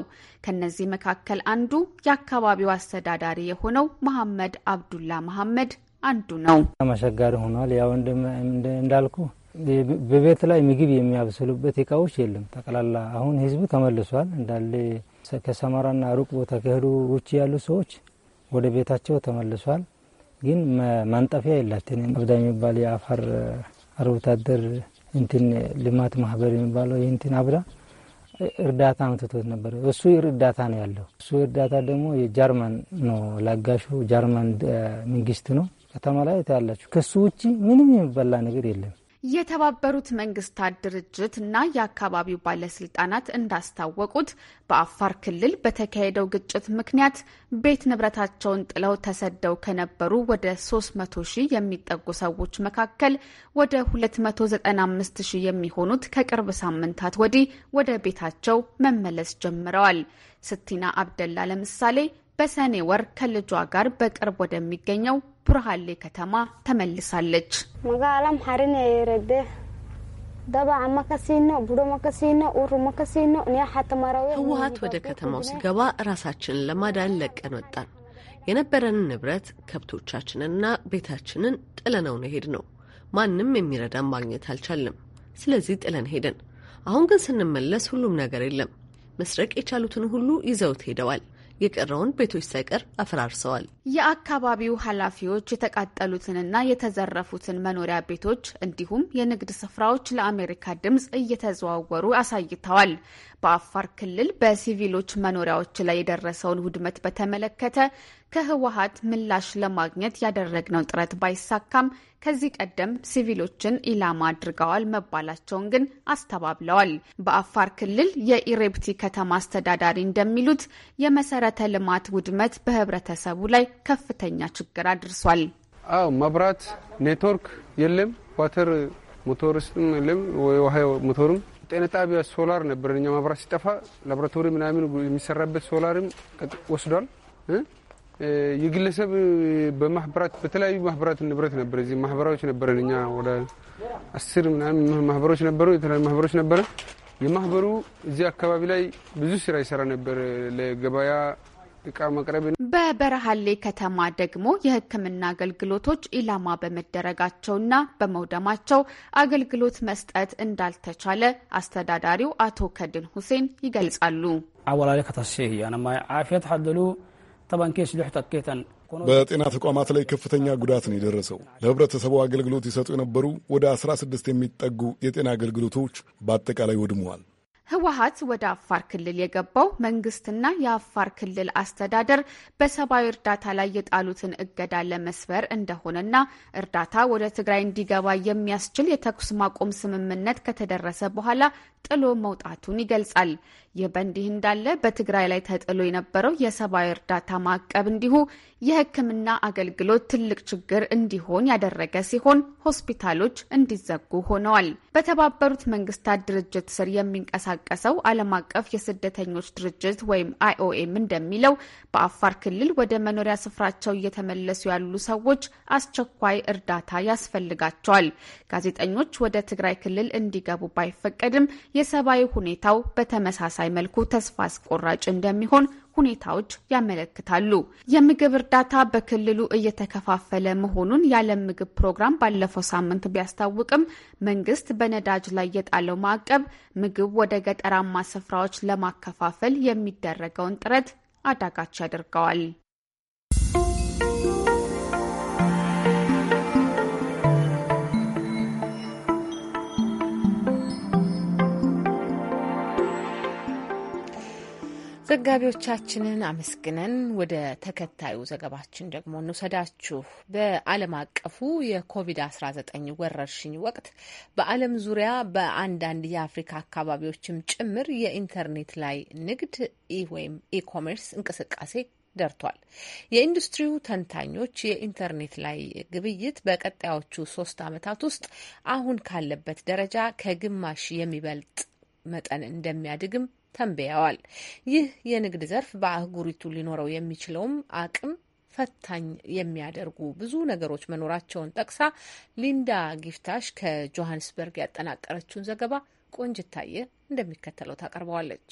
ከነዚህ መካከል አንዱ የአካባቢው አስተዳዳሪ የሆነው መሐመድ አብዱላ መሐመድ አንዱ ነው።
አስቸጋሪ ሆኗል። ያው እንዳልኩ በቤት ላይ ምግብ የሚያብስሉበት እቃዎች የለም። ጠቅላላ አሁን ህዝቡ ተመልሷል እንዳለ ከሰመራና ሩቅ ቦታ ከሄዱ ውጭ ያሉ ሰዎች ወደ ቤታቸው ተመልሷል። ግን ማንጠፊያ የላትንም። አብዳ የሚባል የአፋር አርብቶ አደር እንትን ልማት ማህበር የሚባለው ይህንትን አብዳ እርዳታ አምትቶት ነበር። እሱ እርዳታ ነው ያለው። እሱ እርዳታ ደግሞ የጀርመን ነው ላጋሹ ጀርመን መንግስት ነው። ከተማ ላይ ታያላችሁ። ከሱ ውጭ ምንም የሚበላ ነገር የለም።
የተባበሩት መንግስታት ድርጅት እና የአካባቢው ባለስልጣናት እንዳስታወቁት በአፋር ክልል በተካሄደው ግጭት ምክንያት ቤት ንብረታቸውን ጥለው ተሰደው ከነበሩ ወደ 300 ሺህ የሚጠጉ ሰዎች መካከል ወደ 295 ሺህ የሚሆኑት ከቅርብ ሳምንታት ወዲህ ወደ ቤታቸው መመለስ ጀምረዋል። ስቲና አብደላ ለምሳሌ በሰኔ ወር ከልጇ ጋር በቅርብ ወደሚገኘው ቡርሃሌ ከተማ ተመልሳለች።
መጋላም ሀሪን የረደ
ህወሀት ወደ
ከተማው ሲገባ ራሳችንን ለማዳን ለቀን ወጣን። የነበረንን ንብረት ከብቶቻችንንና ቤታችንን ጥለነው ነው ሄድ ነው። ማንም የሚረዳን ማግኘት አልቻለም። ስለዚህ ጥለን ሄደን፣ አሁን ግን ስንመለስ ሁሉም ነገር የለም። መስረቅ የቻሉትን ሁሉ ይዘውት ሄደዋል። የቀረውን ቤቶች ሳይቀር አፈራርሰዋል።
የአካባቢው ኃላፊዎች የተቃጠሉትንና የተዘረፉትን መኖሪያ ቤቶች እንዲሁም የንግድ ስፍራዎች ለአሜሪካ ድምፅ እየተዘዋወሩ አሳይተዋል። በአፋር ክልል በሲቪሎች መኖሪያዎች ላይ የደረሰውን ውድመት በተመለከተ ከህወሀት ምላሽ ለማግኘት ያደረግነው ጥረት ባይሳካም ከዚህ ቀደም ሲቪሎችን ኢላማ አድርገዋል መባላቸውን ግን አስተባብለዋል። በአፋር ክልል የኢሬብቲ ከተማ አስተዳዳሪ እንደሚሉት የመሰረተ ልማት ውድመት በህብረተሰቡ ላይ ከፍተኛ ችግር አድርሷል።
አዎ፣ መብራት ኔትወርክ የለም። ዋተር ሞተርስትም የለም። ሞተርም ጤና ጣቢያ ሶላር ነበር። እኛ መብራት ሲጠፋ ላቦራቶሪ ምናምን የሚሰራበት ሶላርም ወስዷል። የግለሰብ በማህበራት በተለያዩ ማህበራት ንብረት ነበር። እዚህ ማህበራዎች ነበረን እኛ ወደ አስር ምናምን ማህበሮች ነበሩ። የተለያዩ ማህበሮች ነበረ። የማህበሩ እዚህ አካባቢ ላይ ብዙ ስራ ይሰራ ነበር ለገበያ እቃ መቅረብ
በበረሃሌ ከተማ ደግሞ የሕክምና አገልግሎቶች ኢላማ በመደረጋቸውና በመውደማቸው አገልግሎት መስጠት እንዳልተቻለ አስተዳዳሪው አቶ ከድን ሁሴን ይገልጻሉ።
በጤና
ተቋማት ላይ
ከፍተኛ ጉዳት ነው የደረሰው። ለህብረተሰቡ አገልግሎት ይሰጡ የነበሩ ወደ 16 የሚጠጉ የጤና አገልግሎቶች በአጠቃላይ ወድመዋል።
ህወሀት ወደ አፋር ክልል የገባው መንግስትና የአፋር ክልል አስተዳደር በሰብአዊ እርዳታ ላይ የጣሉትን እገዳ ለመስበር እንደሆነና እርዳታ ወደ ትግራይ እንዲገባ የሚያስችል የተኩስ ማቆም ስምምነት ከተደረሰ በኋላ ጥሎ መውጣቱን ይገልጻል። ይህ በእንዲህ እንዳለ በትግራይ ላይ ተጥሎ የነበረው የሰብአዊ እርዳታ ማዕቀብ እንዲሁ የሕክምና አገልግሎት ትልቅ ችግር እንዲሆን ያደረገ ሲሆን ሆስፒታሎች እንዲዘጉ ሆነዋል። በተባበሩት መንግስታት ድርጅት ስር የሚንቀሳቀሰው ዓለም አቀፍ የስደተኞች ድርጅት ወይም አይኦኤም እንደሚለው በአፋር ክልል ወደ መኖሪያ ስፍራቸው እየተመለሱ ያሉ ሰዎች አስቸኳይ እርዳታ ያስፈልጋቸዋል። ጋዜጠኞች ወደ ትግራይ ክልል እንዲገቡ ባይፈቀድም የሰብአዊ ሁኔታው በተመሳሳይ መልኩ ተስፋ አስቆራጭ እንደሚሆን ሁኔታዎች ያመለክታሉ። የምግብ እርዳታ በክልሉ እየተከፋፈለ መሆኑን የዓለም ምግብ ፕሮግራም ባለፈው ሳምንት ቢያስታውቅም መንግስት በነዳጅ ላይ የጣለው ማዕቀብ ምግብ ወደ ገጠራማ ስፍራዎች ለማከፋፈል የሚደረገውን ጥረት አዳጋች ያደርገዋል።
ዘጋቢዎቻችንን አመስግነን ወደ ተከታዩ ዘገባችን ደግሞ እንውሰዳችሁ። በዓለም አቀፉ የኮቪድ-19 ወረርሽኝ ወቅት በዓለም ዙሪያ በአንዳንድ የአፍሪካ አካባቢዎችም ጭምር የኢንተርኔት ላይ ንግድ ኢ ወይም ኢኮሜርስ እንቅስቃሴ ደርቷል። የኢንዱስትሪው ተንታኞች የኢንተርኔት ላይ ግብይት በቀጣዮቹ ሶስት ዓመታት ውስጥ አሁን ካለበት ደረጃ ከግማሽ የሚበልጥ መጠን እንደሚያድግም ተንብየዋል። ይህ የንግድ ዘርፍ በአህጉሪቱ ሊኖረው የሚችለውም አቅም ፈታኝ የሚያደርጉ ብዙ ነገሮች መኖራቸውን ጠቅሳ ሊንዳ ጊፍታሽ ከጆሀንስበርግ ያጠናቀረችውን ዘገባ ቆንጅታየ እንደሚከተለው ታቀርበዋለች።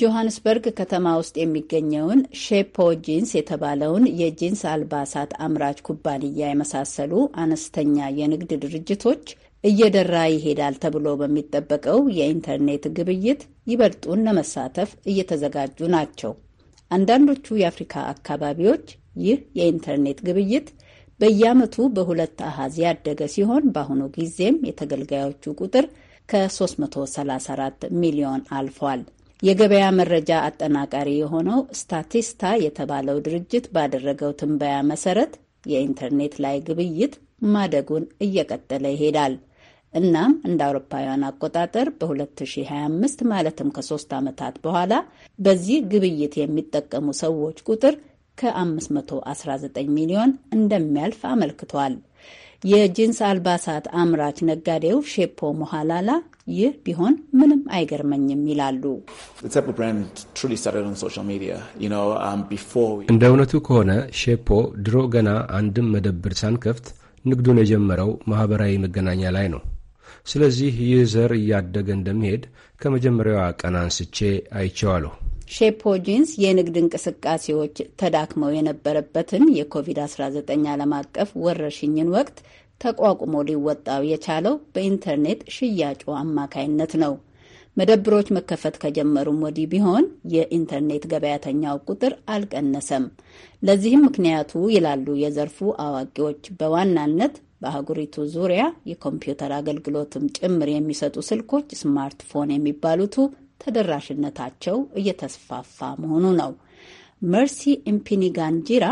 ጆሃንስበርግ ከተማ ውስጥ የሚገኘውን ሼፖ ጂንስ የተባለውን የጂንስ አልባሳት አምራች ኩባንያ የመሳሰሉ አነስተኛ የንግድ ድርጅቶች እየደራ ይሄዳል ተብሎ በሚጠበቀው የኢንተርኔት ግብይት ይበልጡን ለመሳተፍ እየተዘጋጁ ናቸው። አንዳንዶቹ የአፍሪካ አካባቢዎች ይህ የኢንተርኔት ግብይት በየዓመቱ በሁለት አሃዝ ያደገ ሲሆን በአሁኑ ጊዜም የተገልጋዮቹ ቁጥር ከ334 ሚሊዮን አልፏል። የገበያ መረጃ አጠናቃሪ የሆነው ስታቲስታ የተባለው ድርጅት ባደረገው ትንበያ መሰረት የኢንተርኔት ላይ ግብይት ማደጉን እየቀጠለ ይሄዳል። እናም እንደ አውሮፓውያን አቆጣጠር በ2025 ማለትም ከሶስት ዓመታት በኋላ በዚህ ግብይት የሚጠቀሙ ሰዎች ቁጥር ከ519 ሚሊዮን እንደሚያልፍ አመልክቷል። የጂንስ አልባሳት አምራች ነጋዴው ሼፖ መኋላላ ይህ ቢሆን ምንም አይገርመኝም ይላሉ። um,
እንደ እውነቱ ከሆነ ሼፖ ድሮ ገና አንድም መደብር ሳንከፍት ንግዱን የጀመረው ማህበራዊ መገናኛ ላይ ነው። ስለዚህ ይህ ዘር እያደገ እንደሚሄድ ከመጀመሪያዋ ቀን አንስቼ አይቼዋለሁ።
ሼፖ ጂንስ የንግድ እንቅስቃሴዎች ተዳክመው የነበረበትን የኮቪድ-19 ዓለም አቀፍ ወረርሽኝን ወቅት ተቋቁሞ ሊወጣው የቻለው በኢንተርኔት ሽያጩ አማካይነት ነው። መደብሮች መከፈት ከጀመሩም ወዲህ ቢሆን የኢንተርኔት ገበያተኛው ቁጥር አልቀነሰም። ለዚህም ምክንያቱ ይላሉ የዘርፉ አዋቂዎች በዋናነት በአህጉሪቱ ዙሪያ የኮምፒውተር አገልግሎትም ጭምር የሚሰጡ ስልኮች ስማርትፎን የሚባሉቱ ተደራሽነታቸው እየተስፋፋ መሆኑ ነው። መርሲ ኢምፒኒጋንጂራ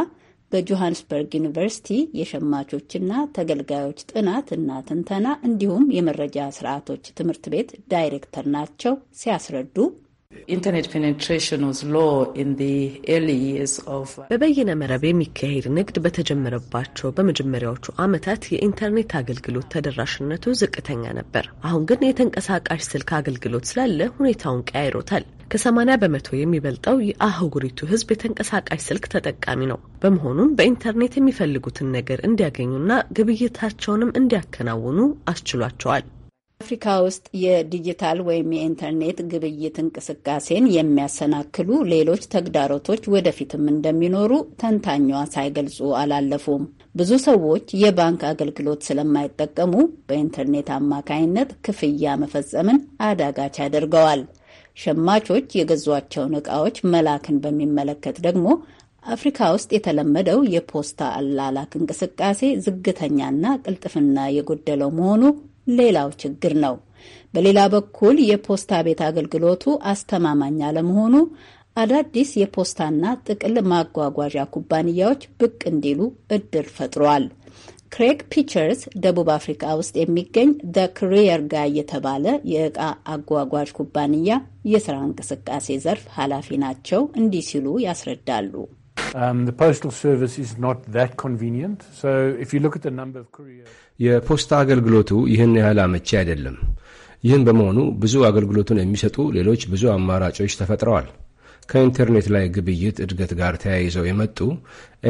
በጆሃንስበርግ ዩኒቨርሲቲ የሸማቾችና ተገልጋዮች ጥናት እና ትንተና እንዲሁም የመረጃ ስርዓቶች ትምህርት ቤት ዳይሬክተር ናቸው። ሲያስረዱ Uh,
በበይነ መረብ የሚካሄድ ንግድ በተጀመረባቸው በመጀመሪያዎቹ ዓመታት የኢንተርኔት አገልግሎት ተደራሽነቱ ዝቅተኛ ነበር። አሁን ግን የተንቀሳቃሽ ስልክ አገልግሎት ስላለ ሁኔታውን ቀያይሮታል። በመቶ የሚበልጠው የአህጉሪቱ ሕዝብ የተንቀሳቃሽ ስልክ ተጠቃሚ ነው። በመሆኑም በኢንተርኔት የሚፈልጉትን ነገር እንዲያገኙና ግብይታቸውንም እንዲያከናውኑ አስችሏቸዋል።
አፍሪካ ውስጥ የዲጂታል ወይም የኢንተርኔት ግብይት እንቅስቃሴን የሚያሰናክሉ ሌሎች ተግዳሮቶች ወደፊትም እንደሚኖሩ ተንታኟ ሳይገልጹ አላለፉም። ብዙ ሰዎች የባንክ አገልግሎት ስለማይጠቀሙ በኢንተርኔት አማካይነት ክፍያ መፈጸምን አዳጋች አድርገዋል። ሸማቾች የገዟቸውን ዕቃዎች መላክን በሚመለከት ደግሞ አፍሪካ ውስጥ የተለመደው የፖስታ አላላክ እንቅስቃሴ ዝግተኛና ቅልጥፍና የጎደለው መሆኑ ሌላው ችግር ነው። በሌላ በኩል የፖስታ ቤት አገልግሎቱ አስተማማኝ አለመሆኑ አዳዲስ የፖስታና ጥቅል ማጓጓዣ ኩባንያዎች ብቅ እንዲሉ እድል ፈጥሯል። ክሬግ ፒቸርስ ደቡብ አፍሪካ ውስጥ የሚገኝ ደ ክሪየር ጋ የተባለ የእቃ አጓጓዥ ኩባንያ የስራ እንቅስቃሴ ዘርፍ ኃላፊ ናቸው። እንዲህ ሲሉ ያስረዳሉ።
Um,
የፖስታ አገልግሎቱ ይህን ያህል አመቺ አይደለም። ይህን በመሆኑ ብዙ አገልግሎቱን የሚሰጡ ሌሎች ብዙ አማራጮች ተፈጥረዋል። ከኢንተርኔት ላይ ግብይት እድገት ጋር ተያይዘው የመጡ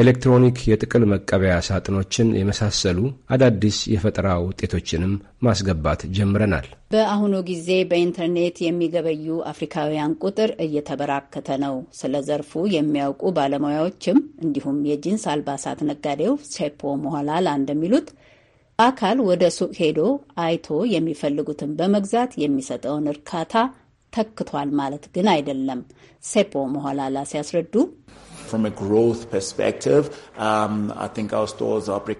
ኤሌክትሮኒክ የጥቅል መቀበያ ሳጥኖችን የመሳሰሉ አዳዲስ የፈጠራ ውጤቶችንም ማስገባት ጀምረናል።
በአሁኑ ጊዜ በኢንተርኔት የሚገበዩ አፍሪካውያን ቁጥር እየተበራከተ ነው። ስለ ዘርፉ የሚያውቁ ባለሙያዎችም እንዲሁም የጂንስ አልባሳት ነጋዴው ሴፖ ሞኋላላ እንደሚሉት አካል ወደ ሱቅ ሄዶ አይቶ የሚፈልጉትን በመግዛት የሚሰጠውን እርካታ ተክቷል ማለት ግን አይደለም። ሴፖ መኋላላ ሲያስረዱ
um,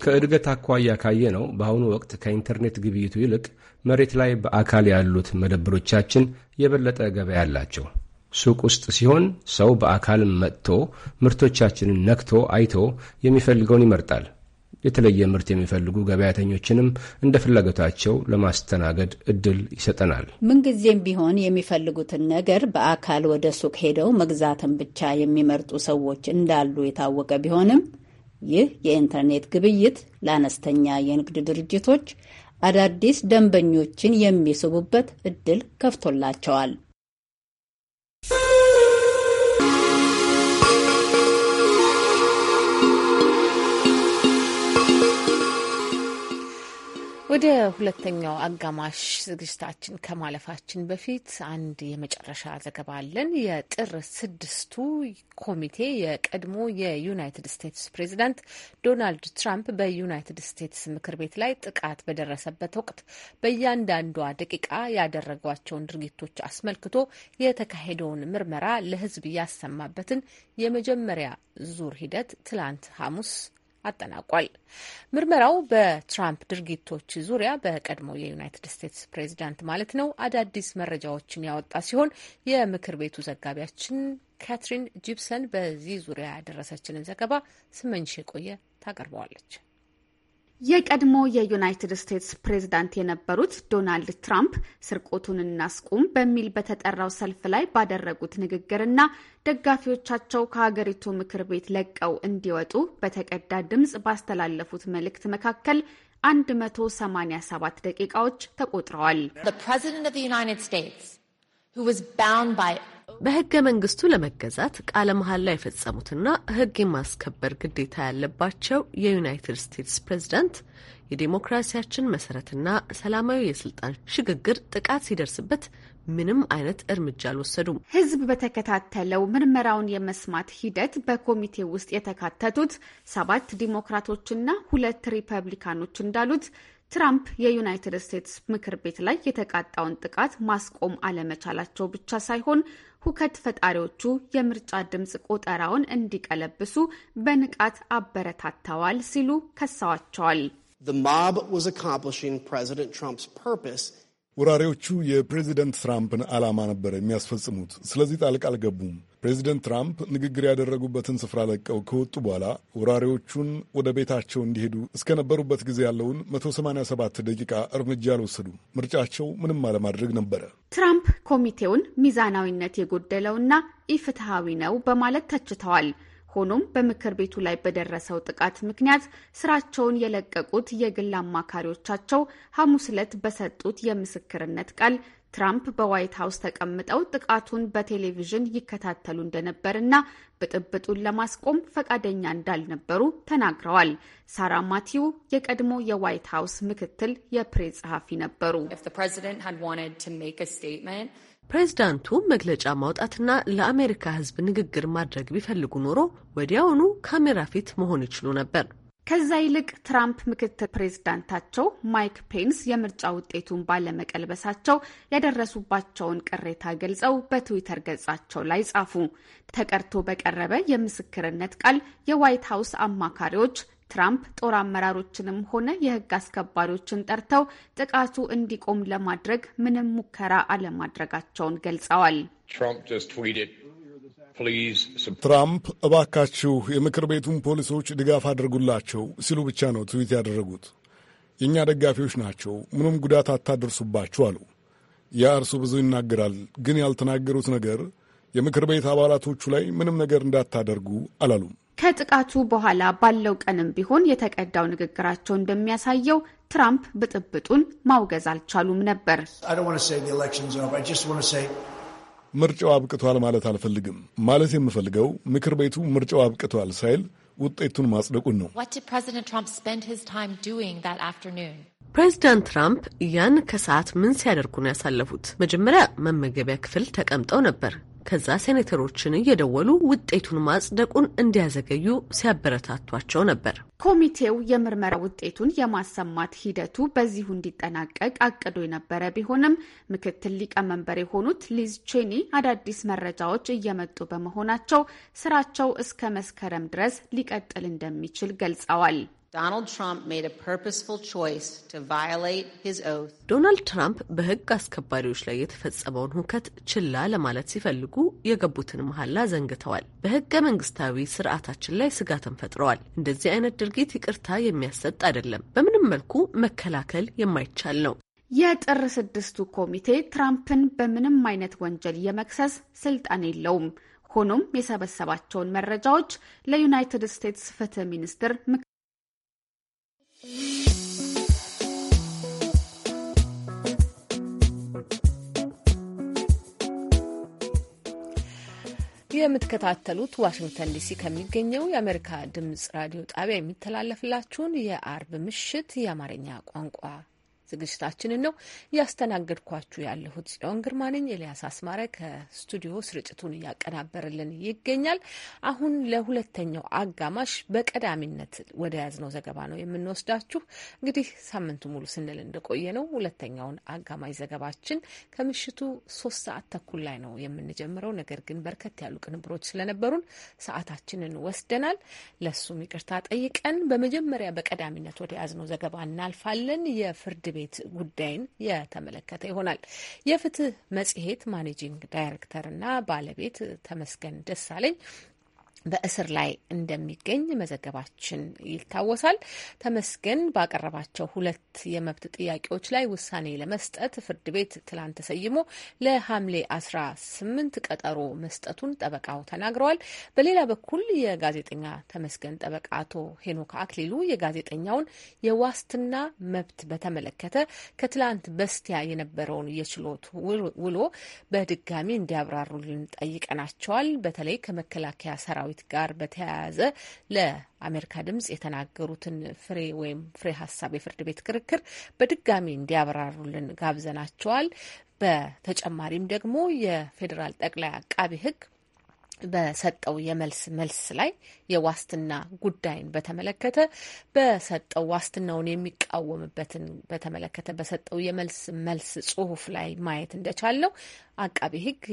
ከእድገት አኳያ ካየ ነው በአሁኑ ወቅት ከኢንተርኔት ግብይቱ ይልቅ መሬት ላይ በአካል ያሉት መደብሮቻችን የበለጠ ገበያ አላቸው። ሱቅ ውስጥ ሲሆን ሰው በአካል መጥቶ ምርቶቻችንን ነክቶ አይቶ የሚፈልገውን ይመርጣል። የተለየ ምርት የሚፈልጉ ገበያተኞችንም እንደ ፍላጎታቸው ለማስተናገድ እድል ይሰጠናል።
ምንጊዜም ቢሆን የሚፈልጉትን ነገር በአካል ወደ ሱቅ ሄደው መግዛትን ብቻ የሚመርጡ ሰዎች እንዳሉ የታወቀ ቢሆንም ይህ የኢንተርኔት ግብይት ለአነስተኛ የንግድ ድርጅቶች አዳዲስ ደንበኞችን የሚስቡበት እድል ከፍቶላቸዋል።
ወደ ሁለተኛው አጋማሽ ዝግጅታችን ከማለፋችን በፊት አንድ የመጨረሻ ዘገባ አለን። የጥር ስድስቱ ኮሚቴ የቀድሞ የዩናይትድ ስቴትስ ፕሬዚዳንት ዶናልድ ትራምፕ በዩናይትድ ስቴትስ ምክር ቤት ላይ ጥቃት በደረሰበት ወቅት በእያንዳንዷ ደቂቃ ያደረጓቸውን ድርጊቶች አስመልክቶ የተካሄደውን ምርመራ ለሕዝብ ያሰማበትን የመጀመሪያ ዙር ሂደት ትላንት ሐሙስ አጠናቋል። ምርመራው በትራምፕ ድርጊቶች ዙሪያ በቀድሞ የዩናይትድ ስቴትስ ፕሬዚዳንት ማለት ነው አዳዲስ መረጃዎችን ያወጣ ሲሆን የምክር ቤቱ ዘጋቢያችን ካትሪን ጂፕሰን በዚህ ዙሪያ ያደረሰችንን ዘገባ ስመኝሽ የቆየ ታቀርበዋለች።
የቀድሞ የዩናይትድ ስቴትስ ፕሬዝዳንት የነበሩት ዶናልድ ትራምፕ ስርቆቱን እናስቁም በሚል በተጠራው ሰልፍ ላይ ባደረጉት ንግግርና ደጋፊዎቻቸው ከሀገሪቱ ምክር ቤት ለቀው እንዲወጡ በተቀዳ ድምፅ ባስተላለፉት መልእክት መካከል 187 ደቂቃዎች ተቆጥረዋል።
በህገ መንግስቱ ለመገዛት ቃለ መሐላ የፈጸሙትና ህግ የማስከበር ግዴታ ያለባቸው የዩናይትድ ስቴትስ ፕሬዝዳንት የዴሞክራሲያችን መሰረትና ሰላማዊ የስልጣን ሽግግር ጥቃት ሲደርስበት ምንም አይነት እርምጃ አልወሰዱም። ህዝብ በተከታተለው
ምርመራውን የመስማት ሂደት በኮሚቴ ውስጥ የተካተቱት ሰባት ዲሞክራቶችና ሁለት ሪፐብሊካኖች እንዳሉት ትራምፕ የዩናይትድ ስቴትስ ምክር ቤት ላይ የተቃጣውን ጥቃት ማስቆም አለመቻላቸው ብቻ ሳይሆን ሁከት ፈጣሪዎቹ የምርጫ ድምፅ ቆጠራውን እንዲቀለብሱ በንቃት አበረታተዋል ሲሉ ከሰዋቸዋል።
ወራሪዎቹ የፕሬዚደንት ትራምፕን ዓላማ ነበር የሚያስፈጽሙት። ስለዚህ ጣልቃ አልገቡም። ፕሬዚደንት ትራምፕ ንግግር ያደረጉበትን ስፍራ ለቀው ከወጡ በኋላ ወራሪዎቹን ወደ ቤታቸው እንዲሄዱ እስከነበሩበት ጊዜ ያለውን 187 ደቂቃ እርምጃ አልወሰዱም። ምርጫቸው ምንም አለማድረግ ነበረ።
ትራምፕ ኮሚቴውን ሚዛናዊነት የጎደለውና ኢፍትሐዊ ነው በማለት ተችተዋል። ሆኖም በምክር ቤቱ ላይ በደረሰው ጥቃት ምክንያት ስራቸውን የለቀቁት የግል አማካሪዎቻቸው ሐሙስ ዕለት በሰጡት የምስክርነት ቃል ትራምፕ በዋይት ሀውስ ተቀምጠው ጥቃቱን በቴሌቪዥን ይከታተሉ እንደነበርና ብጥብጡን ለማስቆም ፈቃደኛ እንዳልነበሩ ተናግረዋል። ሳራ ማቲው የቀድሞ የዋይት ሀውስ ምክትል የፕሬስ ጸሐፊ ነበሩ።
ፕሬዝዳንቱ መግለጫ ማውጣትና ለአሜሪካ ሕዝብ ንግግር ማድረግ ቢፈልጉ ኖሮ ወዲያውኑ ካሜራ ፊት መሆን ይችሉ ነበር።
ከዛ ይልቅ ትራምፕ ምክትል ፕሬዝዳንታቸው ማይክ ፔንስ የምርጫ ውጤቱን ባለመቀልበሳቸው ያደረሱባቸውን ቅሬታ ገልጸው በትዊተር ገጻቸው ላይ ጻፉ። ተቀርቶ በቀረበ የምስክርነት ቃል የዋይት ሀውስ አማካሪዎች ትራምፕ ጦር አመራሮችንም ሆነ የሕግ አስከባሪዎችን ጠርተው ጥቃቱ እንዲቆም ለማድረግ ምንም ሙከራ አለማድረጋቸውን ገልጸዋል።
ትራምፕ እባካችሁ የምክር ቤቱን ፖሊሶች ድጋፍ አድርጉላቸው ሲሉ ብቻ ነው ትዊት ያደረጉት። የእኛ ደጋፊዎች ናቸው፣ ምንም ጉዳት አታደርሱባችሁ አሉ። ያ እርሱ ብዙ ይናገራል፣ ግን ያልተናገሩት ነገር የምክር ቤት አባላቶቹ ላይ ምንም ነገር እንዳታደርጉ አላሉም።
ከጥቃቱ በኋላ ባለው ቀንም ቢሆን የተቀዳው ንግግራቸው እንደሚያሳየው ትራምፕ ብጥብጡን ማውገዝ አልቻሉም ነበር።
ምርጫው አብቅቷል ማለት አልፈልግም። ማለት የምፈልገው ምክር ቤቱ ምርጫው አብቅቷል ሳይል ውጤቱን ማጽደቁን ነው።
ፕሬዚዳንት ትራምፕ ያን ከሰዓት ምን ሲያደርጉ ነው ያሳለፉት? መጀመሪያ መመገቢያ ክፍል ተቀምጠው ነበር። ከዛ ሴኔተሮችን እየደወሉ ውጤቱን ማጽደቁን እንዲያዘገዩ ሲያበረታቷቸው ነበር። ኮሚቴው
የምርመራ ውጤቱን የማሰማት ሂደቱ በዚሁ እንዲጠናቀቅ አቅዶ የነበረ ቢሆንም ምክትል ሊቀመንበር የሆኑት ሊዝ ቼኒ አዳዲስ መረጃዎች እየመጡ በመሆናቸው ስራቸው እስከ መስከረም ድረስ ሊቀጥል እንደሚችል ገልጸዋል።
ዶናልድ
ትራምፕ በህግ አስከባሪዎች ላይ የተፈጸመውን ሁከት ችላ ለማለት ሲፈልጉ የገቡትን መሐላ ዘንግተዋል። በህገ መንግስታዊ ስርዓታችን ላይ ስጋትን ፈጥረዋል። እንደዚህ አይነት ድርጊት ይቅርታ የሚያሰጥ አይደለም፣ በምንም መልኩ መከላከል የማይቻል ነው። የጥር
ስድስቱ ኮሚቴ ትራምፕን በምንም አይነት ወንጀል የመክሰስ ስልጣን የለውም። ሆኖም የሰበሰባቸውን መረጃዎች ለዩናይትድ ስቴትስ ፍትህ ሚኒስትር
የምትከታተሉት ዋሽንግተን ዲሲ ከሚገኘው የአሜሪካ ድምጽ ራዲዮ ጣቢያ የሚተላለፍላችሁን የአርብ ምሽት የአማርኛ ቋንቋ ዝግጅታችንን ነው እያስተናገድኳችሁ ያለሁት ጽዮን ግርማ ነኝ። ኤልያስ አስማረ ከስቱዲዮ ስርጭቱን እያቀናበረልን ይገኛል። አሁን ለሁለተኛው አጋማሽ በቀዳሚነት ወደ ያዝነው ዘገባ ነው የምንወስዳችሁ። እንግዲህ ሳምንቱ ሙሉ ስንል እንደቆየ ነው። ሁለተኛውን አጋማሽ ዘገባችን ከምሽቱ ሶስት ሰዓት ተኩል ላይ ነው የምንጀምረው። ነገር ግን በርከት ያሉ ቅንብሮች ስለነበሩን ሰዓታችንን ወስደናል። ለሱም ይቅርታ ጠይቀን በመጀመሪያ በቀዳሚነት ወደ ያዝነው ዘገባ እናልፋለን። የፍርድ ቤት ጉዳይን የተመለከተ ይሆናል። የፍትህ መጽሔት ማኔጂንግ ዳይሬክተርና ባለቤት ተመስገን ደሳለኝ በእስር ላይ እንደሚገኝ መዘገባችን ይታወሳል። ተመስገን ባቀረባቸው ሁለት የመብት ጥያቄዎች ላይ ውሳኔ ለመስጠት ፍርድ ቤት ትላንት ተሰይሞ ለሐምሌ 18 ቀጠሮ መስጠቱን ጠበቃው ተናግረዋል። በሌላ በኩል የጋዜጠኛ ተመስገን ጠበቃ አቶ ሄኖክ አክሊሉ የጋዜጠኛውን የዋስትና መብት በተመለከተ ከትላንት በስቲያ የነበረውን የችሎት ውሎ በድጋሚ እንዲያብራሩልን ጠይቀናቸዋል። በተለይ ከመከላከያ ሰራዊት ሰራዊት ጋር በተያያዘ ለአሜሪካ ድምጽ የተናገሩትን ፍሬ ወይም ፍሬ ሀሳብ የፍርድ ቤት ክርክር በድጋሚ እንዲያብራሩልን ጋብዘናቸዋል። በተጨማሪም ደግሞ የፌዴራል ጠቅላይ አቃቢ ሕግ በሰጠው የመልስ መልስ ላይ የዋስትና ጉዳይን በተመለከተ በሰጠው ዋስትናውን የሚቃወምበትን በተመለከተ በሰጠው የመልስ መልስ ጽሁፍ ላይ ማየት እንደቻለው ነው አቃቢ ሕግ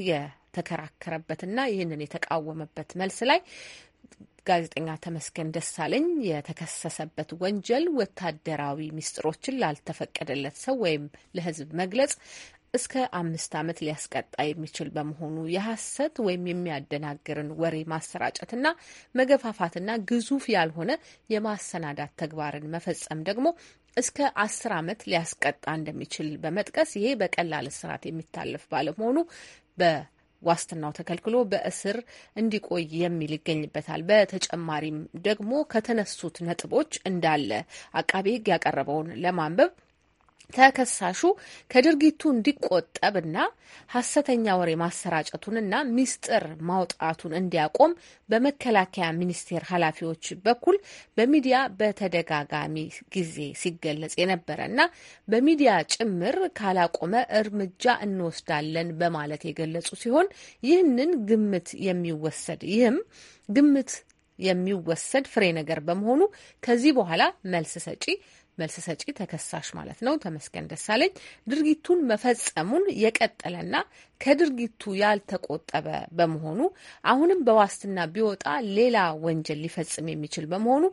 የተከራከረበትና ይህንን የተቃወመበት መልስ ላይ ጋዜጠኛ ተመስገን ደሳለኝ የተከሰሰበት ወንጀል ወታደራዊ ሚስጥሮችን ላልተፈቀደለት ሰው ወይም ለሕዝብ መግለጽ እስከ አምስት ዓመት ሊያስቀጣ የሚችል በመሆኑ የሐሰት ወይም የሚያደናግርን ወሬ ማሰራጨትና መገፋፋትና ግዙፍ ያልሆነ የማሰናዳት ተግባርን መፈጸም ደግሞ እስከ አስር ዓመት ሊያስቀጣ እንደሚችል በመጥቀስ ይሄ በቀላል እስራት የሚታለፍ ባለመሆኑ ዋስትናው ተከልክሎ በእስር እንዲቆይ የሚል ይገኝበታል። በተጨማሪም ደግሞ ከተነሱት ነጥቦች እንዳለ አቃቤ ሕግ ያቀረበውን ለማንበብ ተከሳሹ ከድርጊቱ እንዲቆጠብና ሀሰተኛ ወሬ ማሰራጨቱንና ሚስጥር ማውጣቱን እንዲያቆም በመከላከያ ሚኒስቴር ኃላፊዎች በኩል በሚዲያ በተደጋጋሚ ጊዜ ሲገለጽ የነበረ እና በሚዲያ ጭምር ካላቆመ እርምጃ እንወስዳለን በማለት የገለጹ ሲሆን ይህንን ግምት የሚወሰድ ይህም ግምት የሚወሰድ ፍሬ ነገር በመሆኑ ከዚህ በኋላ መልስ ሰጪ መልስ ሰጪ ተከሳሽ ማለት ነው ተመስገን ደሳለኝ ድርጊቱን መፈጸሙን የቀጠለና ከድርጊቱ ያልተቆጠበ በመሆኑ አሁንም በዋስትና ቢወጣ ሌላ ወንጀል ሊፈጽም የሚችል በመሆኑ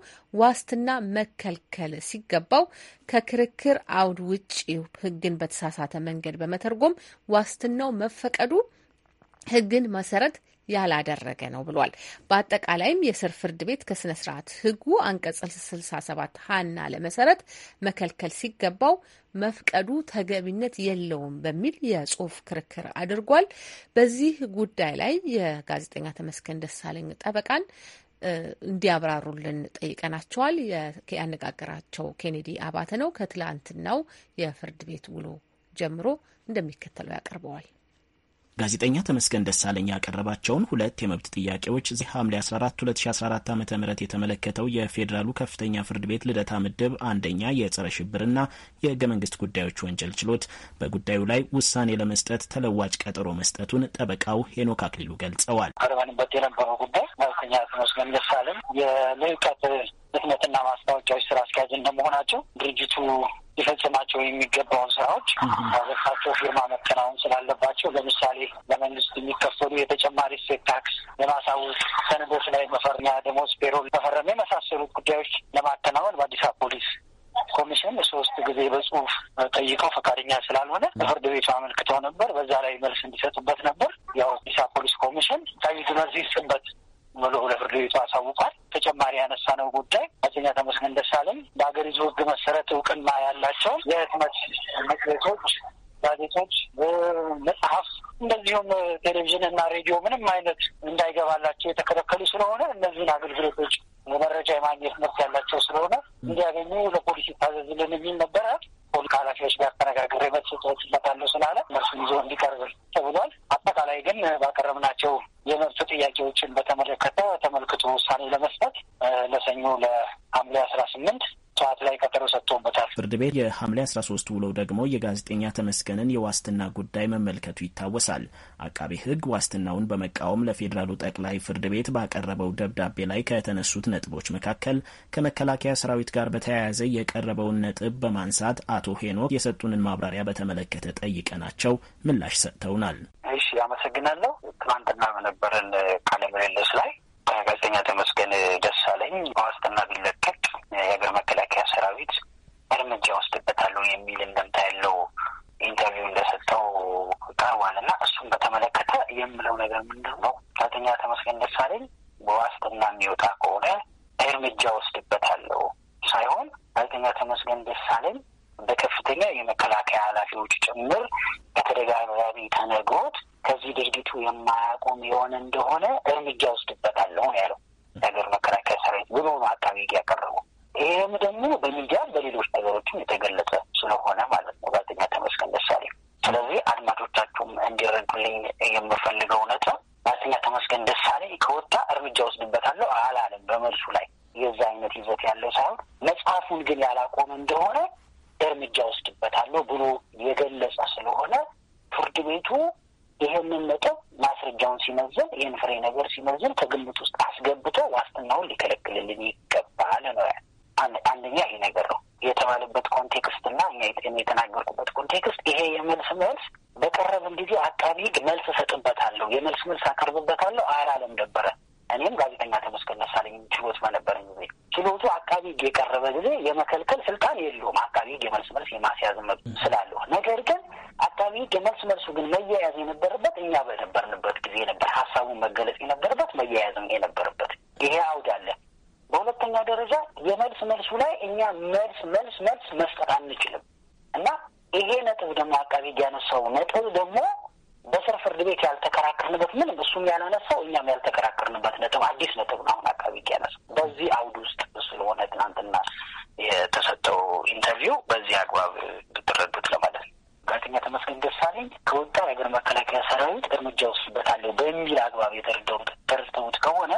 ዋስትና መከልከል ሲገባው ከክርክር አውድ ውጪ ሕግን በተሳሳተ መንገድ በመተርጎም ዋስትናው መፈቀዱ ሕግን መሰረት ያላደረገ ነው ብሏል። በአጠቃላይም የስር ፍርድ ቤት ከስነ ስርዓት ህጉ አንቀጽ 67 ሀና ለመሰረት መከልከል ሲገባው መፍቀዱ ተገቢነት የለውም በሚል የጽሁፍ ክርክር አድርጓል። በዚህ ጉዳይ ላይ የጋዜጠኛ ተመስገን ደሳለኝ ጠበቃን እንዲያብራሩልን ጠይቀናቸዋል። ያነጋገራቸው ኬኔዲ አባተ ነው። ከትላንትናው የፍርድ ቤት ውሎ ጀምሮ እንደሚከተለው ያቀርበዋል።
ጋዜጠኛ ተመስገን ደሳለኝ ያቀረባቸውን ሁለት የመብት ጥያቄዎች ዚህ ሐምሌ 14 2014 ዓ ም የተመለከተው የፌዴራሉ ከፍተኛ ፍርድ ቤት ልደታ ምድብ አንደኛ የጸረ ሽብርና የህገ መንግስት ጉዳዮች ወንጀል ችሎት በጉዳዩ ላይ ውሳኔ ለመስጠት ተለዋጭ ቀጠሮ መስጠቱን ጠበቃው ሄኖክ አክሊሉ ገልጸዋል።
ቀርበንበት የነበረው ጉዳይ ጋዜጠኛ ተመስገን ደሳለኝ የልዕቀት ህትመትና ማስታወቂያዎች ስራ አስኪያጅ እንደመሆናቸው ድርጅቱ ሊፈጽማቸው የሚገባውን ስራዎች በበታቸው ፊርማ መከናወን ስላለባቸው ለምሳሌ ለመንግስት የሚከፈሉ የተጨማሪ ሴት ታክስ የማሳወቅ ሰነዶች ላይ መፈርሚያ ደሞዝ፣ ፔሮል መፈረም የመሳሰሉት ጉዳዮች ለማከናወን በአዲስ አበባ ፖሊስ ኮሚሽን ሶስት ጊዜ በጽሁፍ ጠይቀው ፈቃደኛ ስላልሆነ ለፍርድ ቤቱ አመልክተው ነበር። በዛ ላይ መልስ እንዲሰጡበት ነበር። ያው አዲስ አበባ ፖሊስ ኮሚሽን ከዚህ ጽበት መዝገቡ ለፍርድ ቤቱ አሳውቋል። ተጨማሪ ነው ጉዳይ አጼኛ ተመስገን ደሳለኝ በሀገሪቱ ህግ መሰረት እውቅና ያላቸው የህትመት መጽሔቶች፣ ጋዜጦች፣ መጽሐፍ እንደዚሁም ቴሌቪዥን እና ሬዲዮ ምንም አይነት እንዳይገባላቸው የተከለከሉ ስለሆነ እነዚህን አገልግሎቶች መረጃ የማግኘት መብት ያላቸው ስለሆነ እንዲያገኙ ለፖሊስ ይታዘዝልን የሚል ነበረ። ሁል ከኃላፊዎች ጋር ተነጋግሬ በተሰጠችለታለሁ ስላለ እነርሱን ይዞ እንዲቀርብ ተብሏል። አጠቃላይ ግን ባቀረብናቸው የመብት ጥያቄዎችን በተመለከተ ተመልክቶ ውሳኔ ለመስጠት ለሰኞ ለሐምሌ አስራ ስምንት ጠዋት ላይ
ቀጠሮ ሰጥቶበታል። ፍርድ ቤት የሐምሌ 13 ውሎ ደግሞ የጋዜጠኛ ተመስገንን የዋስትና ጉዳይ መመልከቱ ይታወሳል። አቃቤ ሕግ ዋስትናውን በመቃወም ለፌዴራሉ ጠቅላይ ፍርድ ቤት ባቀረበው ደብዳቤ ላይ ከተነሱት ነጥቦች መካከል ከመከላከያ ሰራዊት ጋር በተያያዘ የቀረበውን ነጥብ በማንሳት አቶ ሄኖክ የሰጡንን ማብራሪያ በተመለከተ ጠይቀናቸው ምላሽ ሰጥተውናል።
እሺ፣ አመሰግናለሁ። ትናንትና በነበረን ቃለ ምልልስ ላይ ጋዜጠኛ ተመስገን ደሳለኝ በዋስትና ቢለቀቅ የሀገር መከላከያ ሰራዊት እርምጃ ወስድበታለሁ የሚል እንደምታ ያለው ኢንተርቪው እንደሰጠው ቀርቧል እና እሱን በተመለከተ የምለው ነገር ምንድን ነው? ጋዜጠኛ ተመስገን ደሳለኝ በዋስትና የሚወጣ ከሆነ እርምጃ ወስድበታለሁ ሳይሆን ጋዜጠኛ ተመስገን ደሳለኝ በከፍተኛ የመከላከያ ኃላፊዎች ጭምር በተደጋጋሚ ተነግሮት ከዚህ ድርጊቱ የማያቆም የሆነ እንደሆነ እርምጃ ወስድበታለሁ ያለው ነገር መከላከያ ሰራዊት ብሎ ነው አቃቤ ያቀረበው። ይህም ደግሞ በሚዲያም በሌሎች ነገሮችም የተገለጸ ስለሆነ ማለት ነው ጋዜጠኛ ተመስገን ደሳሌ። ስለዚህ አድማጮቻችሁም እንዲረዱልኝ የምፈልገው እውነት ነው። ጋዜጠኛ ተመስገን ደሳሌ ከወጣ እርምጃ ወስድበታለሁ አላለም። በመልሱ ላይ የዛ አይነት ይዘት ያለው ሳይሆን መጽሐፉን ግን ያላቆመ እንደሆነ እርምጃ ወስድበታለሁ ብሎ የገለጸ ስለሆነ ፍርድ ቤቱ ይህንን ነጥብ ማስረጃውን ሲመዝን ይህን ፍሬ ነገር ሲመዝን ከግምት ውስጥ አስገብቶ ዋስትናውን ሊከለክልልን ይገባል ነው ያለ። አንደኛ ይሄ ነገር ነው የተባለበት ኮንቴክስት እና የተናገርኩበት ኮንቴክስት ይሄ የመልስ መልስ በቀረብን ጊዜ አቃቢ ሕግ መልስ እሰጥበታለሁ፣ የመልስ መልስ አቀርብበታለሁ አላለም ነበረ። እኔም ጋዜጠኛ ተመስገን ደሳለኝ ችሎት በነበረ ጊዜ ችሎቱ አቃቢ ሕግ የቀረበ ጊዜ የመከልከል ስልጣን የለውም። አቃቢ ሕግ የመልስ መልስ የማስያዝ መብት ስላለሁ፣ ነገር ግን አቃቢ ሕግ የመልስ መልሱ ግን መያያዝ የነበረበት እኛ በነበርንበት ጊዜ ነበር። ሀሳቡን መገለጽ የነበረበት መያያዝም የነበረበት ይሄ አውድ አለ። በሁለተኛ ደረጃ የመልስ መልሱ ላይ እኛ መልስ መልስ መልስ መስጠት አንችልም እና ይሄ ነጥብ ደግሞ አቃቢ ያነሳው ነጥብ ደግሞ በስር ፍርድ ቤት ያልተከራከርንበት ምንም እሱም ያላነሳው እኛም ያልተከራከርንበት ነጥብ አዲስ ነጥብ ነው። አሁን አቃቢ ያነሳው በዚህ አውድ ውስጥ ስለሆነ ትናንትና የተሰጠው ኢንተርቪው በዚህ አግባብ ብትረዱት ለማለት ነው። ጋዜጠኛ ተመስገን ደሳለኝ ከወጣ የሀገር መከላከያ ሰራዊት እርምጃ ወስድበታለሁ በሚል አግባብ የተረደሩት ተረድተውት ከሆነ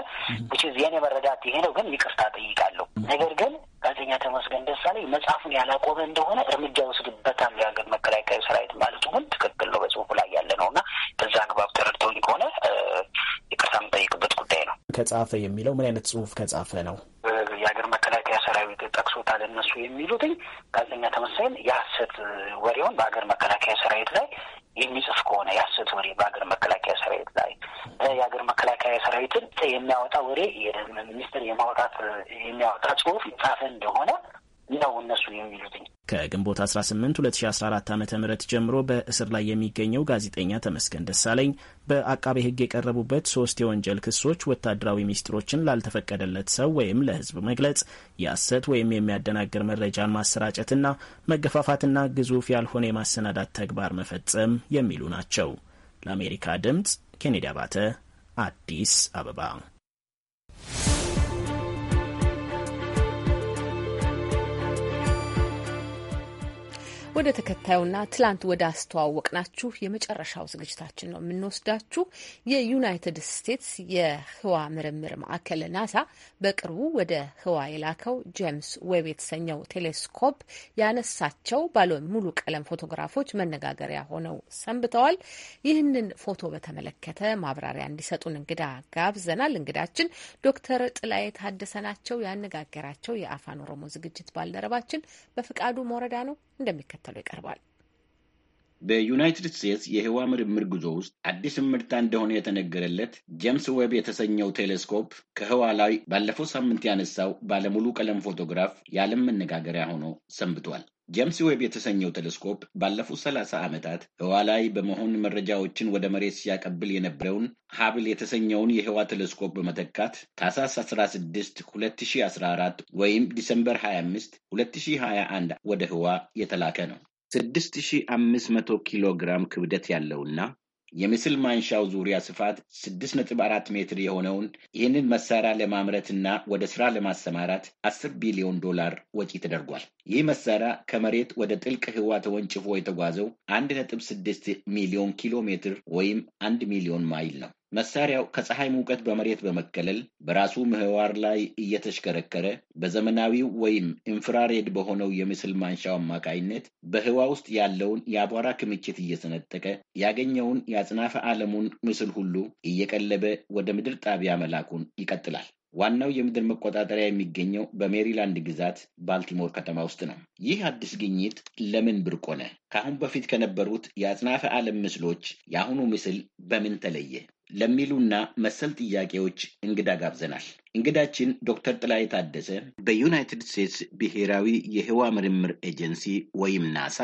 ች የኔ መረዳት ይሄ ነው፣ ግን ይቅርታ ጠይቃለሁ። ነገር ግን ጋዜጠኛ ተመስገን ደሳለኝ መጽሐፉን ያላቆመ እንደሆነ እርምጃ ወስድበታል የሀገር መከላከያ ሰራዊት ማለቱ ግን ትክክል ነው፣ በጽሁፉ ላይ ያለ ነው እና በዛ አግባብ ተረድተውኝ ከሆነ ይቅርታ የምጠይቅበት ጉዳይ ነው።
ከጻፈ የሚለው ምን አይነት ጽሁፍ ከጻፈ ነው?
ናቸው የሚሉትኝ ጋዜጠኛ ተመሳይን የሀሰት ወሬውን በሀገር መከላከያ ሰራዊት ላይ የሚጽፍ ከሆነ የሀሰት ወሬ በሀገር መከላከያ ሰራዊት ላይ የሀገር መከላከያ ሰራዊትን የሚያወጣ ወሬ ሚኒስትር የማውጣት የሚያወጣ ጽሁፍ ጻፈ እንደሆነ ነው እነሱ የሚሉትኝ
ከግንቦት 18 2014 ዓ ም ጀምሮ በእስር ላይ የሚገኘው ጋዜጠኛ ተመስገን ደሳለኝ በአቃቤ ሕግ የቀረቡበት ሶስት የወንጀል ክሶች ወታደራዊ ሚስጥሮችን ላልተፈቀደለት ሰው ወይም ለሕዝብ መግለጽ፣ የሐሰት ወይም የሚያደናግር መረጃን ማሰራጨትና መገፋፋትና ግዙፍ ያልሆነ የማሰናዳት ተግባር መፈጸም የሚሉ ናቸው። ለአሜሪካ ድምፅ ኬኔዲ አባተ አዲስ አበባ
ወደ ተከታዩና ትላንት ወደ አስተዋወቅናችሁ የመጨረሻው ዝግጅታችን ነው የምንወስዳችሁ። የዩናይትድ ስቴትስ የህዋ ምርምር ማዕከል ናሳ በቅርቡ ወደ ህዋ የላከው ጄምስ ዌብ የተሰኘው ቴሌስኮፕ ያነሳቸው ባለ ሙሉ ቀለም ፎቶግራፎች መነጋገሪያ ሆነው ሰንብተዋል። ይህንን ፎቶ በተመለከተ ማብራሪያ እንዲሰጡን እንግዳ ጋብዘናል። እንግዳችን ዶክተር ጥላዬ ታደሰ ናቸው። ያነጋገራቸው የአፋን ኦሮሞ ዝግጅት ባልደረባችን በፍቃዱ መውረዳ ነው። እንደሚከተለው ይቀርባል።
በዩናይትድ ስቴትስ የህዋ ምርምር ጉዞ ውስጥ አዲስ ምርታ እንደሆነ የተነገረለት ጄምስ ዌብ የተሰኘው ቴሌስኮፕ ከህዋ ላይ ባለፈው ሳምንት ያነሳው ባለሙሉ ቀለም ፎቶግራፍ የዓለም መነጋገሪያ ሆኖ ሰንብቷል። ጀምስ ዌብ የተሰኘው ቴሌስኮፕ ባለፉት ሰላሳ ዓመታት ህዋ ላይ በመሆን መረጃዎችን ወደ መሬት ሲያቀብል የነበረውን ሀብል የተሰኘውን የህዋ ቴሌስኮፕ በመተካት ታሳስ 16 2014 ወይም ዲሰምበር 25 2021 ወደ ህዋ የተላከ ነው። 6500 ኪሎ ግራም ክብደት ያለውና የምስል ማንሻው ዙሪያ ስፋት 6.4 ሜትር የሆነውን ይህንን መሳሪያ ለማምረትና ወደ ስራ ለማሰማራት 10 ቢሊዮን ዶላር ወጪ ተደርጓል። ይህ መሳሪያ ከመሬት ወደ ጥልቅ ህዋ ተወንጭፎ የተጓዘው 1.6 ሚሊዮን ኪሎ ሜትር ወይም 1 ሚሊዮን ማይል ነው። መሳሪያው ከፀሐይ ሙቀት በመሬት በመከለል በራሱ ምህዋር ላይ እየተሽከረከረ በዘመናዊው ወይም ኢንፍራሬድ በሆነው የምስል ማንሻው አማካይነት በህዋ ውስጥ ያለውን የአቧራ ክምችት እየሰነጠቀ ያገኘውን የአጽናፈ ዓለሙን ምስል ሁሉ እየቀለበ ወደ ምድር ጣቢያ መላኩን ይቀጥላል። ዋናው የምድር መቆጣጠሪያ የሚገኘው በሜሪላንድ ግዛት ባልቲሞር ከተማ ውስጥ ነው። ይህ አዲስ ግኝት ለምን ብርቅ ሆነ? ከአሁን በፊት ከነበሩት የአጽናፈ ዓለም ምስሎች የአሁኑ ምስል በምን ተለየ? ለሚሉና መሰል ጥያቄዎች እንግዳ ጋብዘናል። እንግዳችን ዶክተር ጥላይ ታደሰ በዩናይትድ ስቴትስ ብሔራዊ የህዋ ምርምር ኤጀንሲ ወይም ናሳ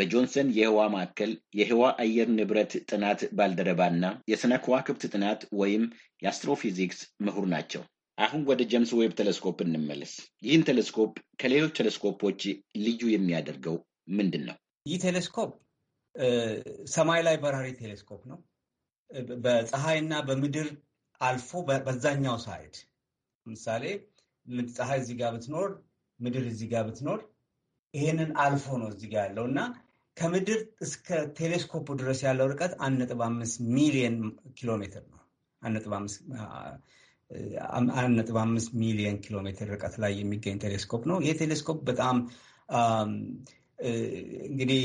በጆንሰን የህዋ ማዕከል የህዋ አየር ንብረት ጥናት ባልደረባና የስነ ከዋክብት ጥናት ወይም የአስትሮፊዚክስ ምሁር ናቸው። አሁን ወደ ጀምስ ዌብ ቴሌስኮፕ እንመለስ። ይህን ቴሌስኮፕ ከሌሎች ቴሌስኮፖች ልዩ የሚያደርገው ምንድን ነው?
ይህ ቴሌስኮፕ ሰማይ ላይ በራሪ ቴሌስኮፕ ነው። በፀሐይና በምድር አልፎ በዛኛው ሳይድ ለምሳሌ ፀሐይ እዚህ ጋር ብትኖር ምድር እዚህ ጋር ብትኖር ይህንን አልፎ ነው እዚህ ጋር ያለው እና ከምድር እስከ ቴሌስኮፕ ድረስ ያለው ርቀት አንድ ነጥብ አምስት ሚሊየን ኪሎ ሜትር ነው። አንድ ነጥብ አምስት ሚሊየን ኪሎ ሜትር ርቀት ላይ የሚገኝ ቴሌስኮፕ ነው። ይህ ቴሌስኮፕ በጣም እንግዲህ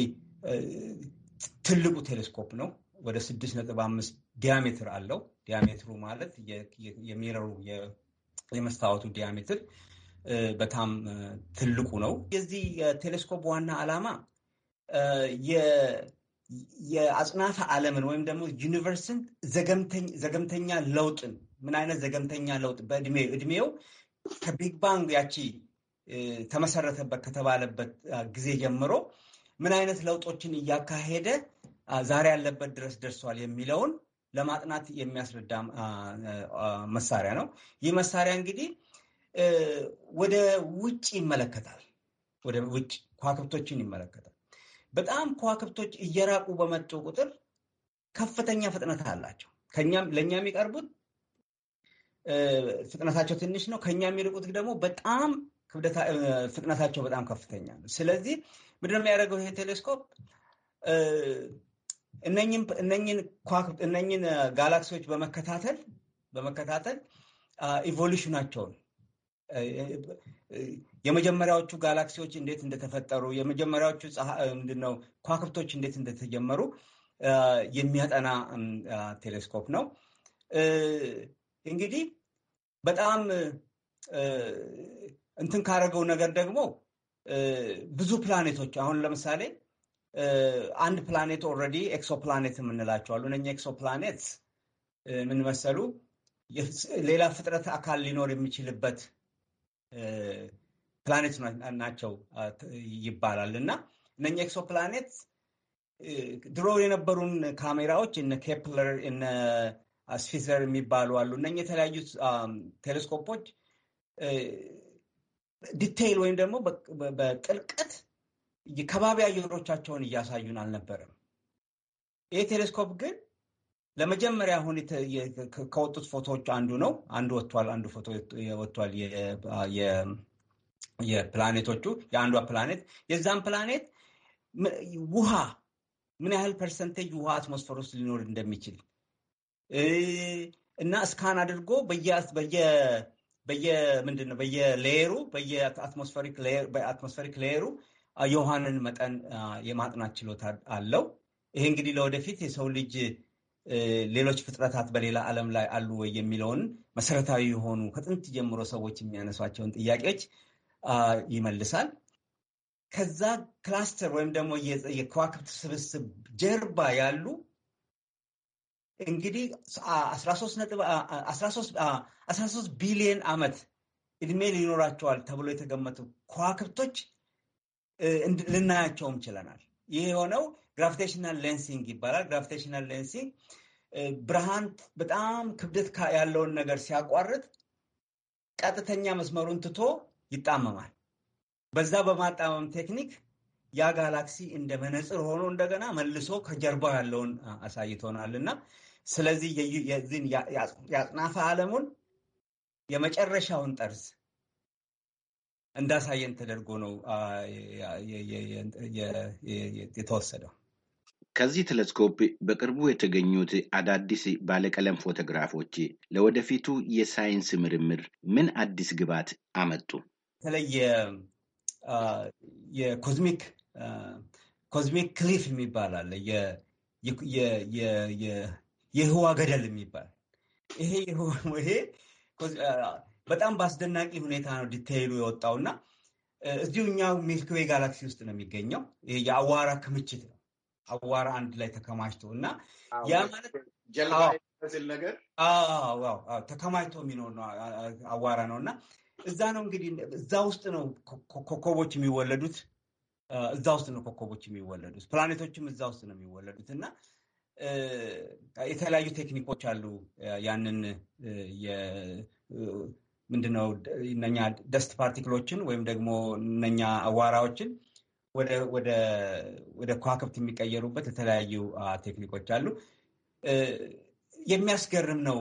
ትልቁ ቴሌስኮፕ ነው። ወደ 6.5 ዲያሜትር አለው። ዲያሜትሩ ማለት የሚረሩ የመስታወቱ ዲያሜትር በጣም ትልቁ ነው። የዚህ የቴሌስኮፕ ዋና ዓላማ የአጽናፈ ዓለምን ወይም ደግሞ ዩኒቨርስን ዘገምተኛ ለውጥን ምን አይነት ዘገምተኛ ለውጥ በእድሜ እድሜው ከቢግ ባንግ ያቺ ተመሰረተበት ከተባለበት ጊዜ ጀምሮ ምን አይነት ለውጦችን እያካሄደ ዛሬ ያለበት ድረስ ደርሷል የሚለውን ለማጥናት የሚያስረዳ መሳሪያ ነው። ይህ መሳሪያ እንግዲህ ወደ ውጭ ይመለከታል። ወደ ውጭ ከዋክብቶችን ይመለከታል። በጣም ከዋክብቶች እየራቁ በመጡ ቁጥር ከፍተኛ ፍጥነት አላቸው። ለእኛ የሚቀርቡት ፍጥነታቸው ትንሽ ነው። ከኛ የሚርቁት ደግሞ በጣም ፍጥነታቸው በጣም ከፍተኛ ነው። ስለዚህ ምንድነው የሚያደርገው ይሄ ቴሌስኮፕ እነኝን ከዋክብት እነኝን ጋላክሲዎች በመከታተል በመከታተል ኢቮሉሽናቸውን የመጀመሪያዎቹ ጋላክሲዎች እንዴት እንደተፈጠሩ የመጀመሪያዎቹ ምንድነው ኳክብቶች እንዴት እንደተጀመሩ የሚያጠና ቴሌስኮፕ ነው። እንግዲህ በጣም እንትን ካደረገው ነገር ደግሞ ብዙ ፕላኔቶች አሁን ለምሳሌ አንድ ፕላኔት ኦልሬዲ ኤክሶፕላኔት የምንላቸዋሉ። እነ ኤክሶፕላኔት ምን መሰሉ ሌላ ፍጥረት አካል ሊኖር የሚችልበት ፕላኔት ናቸው ይባላል እና እነ ኤክሶፕላኔት ድሮ የነበሩን ካሜራዎች እነ ኬፕለር እነ አስፊዘር የሚባሉ አሉ። እነ የተለያዩ ቴሌስኮፖች ዲቴይል ወይም ደግሞ በጥልቀት የከባቢ አየሮቻቸውን እያሳዩን አልነበረም። ይህ ቴሌስኮፕ ግን ለመጀመሪያ ሁን ከወጡት ፎቶዎች አንዱ ነው። አንዱ ወጥቷል፣ አንዱ ፎቶ ወጥቷል። የፕላኔቶቹ የአንዷ ፕላኔት የዛን ፕላኔት ውሃ ምን ያህል ፐርሰንቴጅ ውሃ አትሞስፈር ውስጥ ሊኖር እንደሚችል እና እስካን አድርጎ በየምንድን ነው በየሌየሩ በየአትሞስፌሪክ ሌየሩ የውሃንን መጠን የማጥናት ችሎታ አለው። ይሄ እንግዲህ ለወደፊት የሰው ልጅ ሌሎች ፍጥረታት በሌላ ዓለም ላይ አሉ ወይ የሚለውን መሰረታዊ የሆኑ ከጥንት ጀምሮ ሰዎች የሚያነሷቸውን ጥያቄዎች ይመልሳል። ከዛ ክላስተር ወይም ደግሞ የከዋክብት ስብስብ ጀርባ ያሉ እንግዲህ 13 ቢሊዮን ዓመት እድሜ ሊኖራቸዋል ተብሎ የተገመቱ ከዋክብቶች ልናያቸውም ችለናል። ይህ የሆነው ግራቪቴሽናል ሌንሲንግ ይባላል። ግራቪቴሽናል ሌንሲንግ ብርሃን በጣም ክብደት ያለውን ነገር ሲያቋርጥ ቀጥተኛ መስመሩን ትቶ ይጣመማል። በዛ በማጣመም ቴክኒክ ያ ጋላክሲ እንደ መነጽር ሆኖ እንደገና መልሶ ከጀርባ ያለውን አሳይቶናል እና ስለዚህ የዚህን የአጽናፈ ዓለሙን የመጨረሻውን ጠርዝ እንዳሳየን ተደርጎ ነው የተወሰደው።
ከዚህ ቴሌስኮፕ በቅርቡ የተገኙት አዳዲስ ባለቀለም ፎቶግራፎች ለወደፊቱ የሳይንስ ምርምር ምን አዲስ ግብዓት አመጡ?
በተለይ የኮዝሚክ ኮዝሚክ ክሊፍ የሚባል አለ። የህዋ ገደል የሚባል ይሄ በጣም በአስደናቂ ሁኔታ ነው ዲቴይሉ እና እዚሁ እኛ ሚልክዌይ ጋላክሲ ውስጥ ነው የሚገኘው። የአዋራ ክምችት ነው። አዋራ አንድ ላይ ተከማችቶ እና ያ ማለት ተከማችቶ የሚኖር ነው አዋራ ነው እና እዛ ነው እንግዲህ እዛ ውስጥ ነው ኮከቦች የሚወለዱት። እዛ ውስጥ ነው ኮከቦች የሚወለዱት። ፕላኔቶችም እዛ ውስጥ ነው የሚወለዱት እና የተለያዩ ቴክኒኮች አሉ ያንን ምንድነው እነኛ ደስት ፓርቲክሎችን ወይም ደግሞ እነኛ አዋራዎችን ወደ ከዋክብት የሚቀየሩበት የተለያዩ ቴክኒኮች አሉ። የሚያስገርም ነው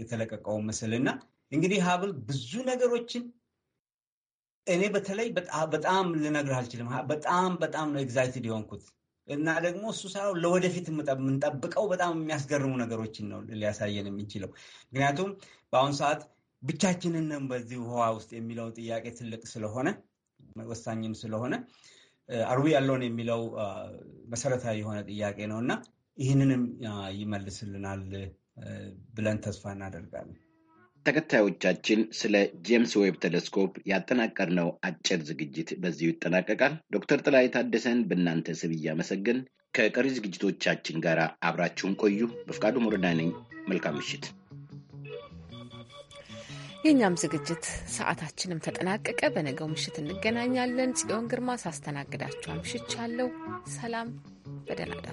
የተለቀቀው ምስል እና እንግዲህ ሀብል ብዙ ነገሮችን እኔ በተለይ በጣም ልነግርህ አልችልም። በጣም በጣም ነው ኤግዛይትድ የሆንኩት እና ደግሞ እሱ ሳይሆን ለወደፊት የምንጠብቀው በጣም የሚያስገርሙ ነገሮችን ነው ሊያሳየን የሚችለው። ምክንያቱም በአሁኑ ሰዓት ብቻችንን ነን በዚህ ውሃ ውስጥ የሚለው ጥያቄ ትልቅ ስለሆነ ወሳኝም ስለሆነ አርዊ ያለውን የሚለው መሰረታዊ የሆነ ጥያቄ ነው እና ይህንንም ይመልስልናል ብለን ተስፋ እናደርጋለን።
ተከታዮቻችን ስለ ጄምስ ዌብ ቴሌስኮፕ ያጠናቀርነው አጭር ዝግጅት በዚሁ ይጠናቀቃል። ዶክተር ጥላይ ታደሰን በእናንተ ስብ እያመሰገን ከቀሪ ዝግጅቶቻችን ጋር አብራችሁን ቆዩ። በፍቃዱ ሞረዳ ነኝ። መልካም ምሽት።
የእኛም ዝግጅት ሰዓታችንም ተጠናቀቀ። በነገው ምሽት እንገናኛለን። ጽዮን ግርማ ሳስተናግዳችሁ አምሽቻለሁ። ሰላም፣ በደህና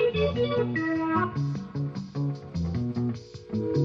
እደሩ።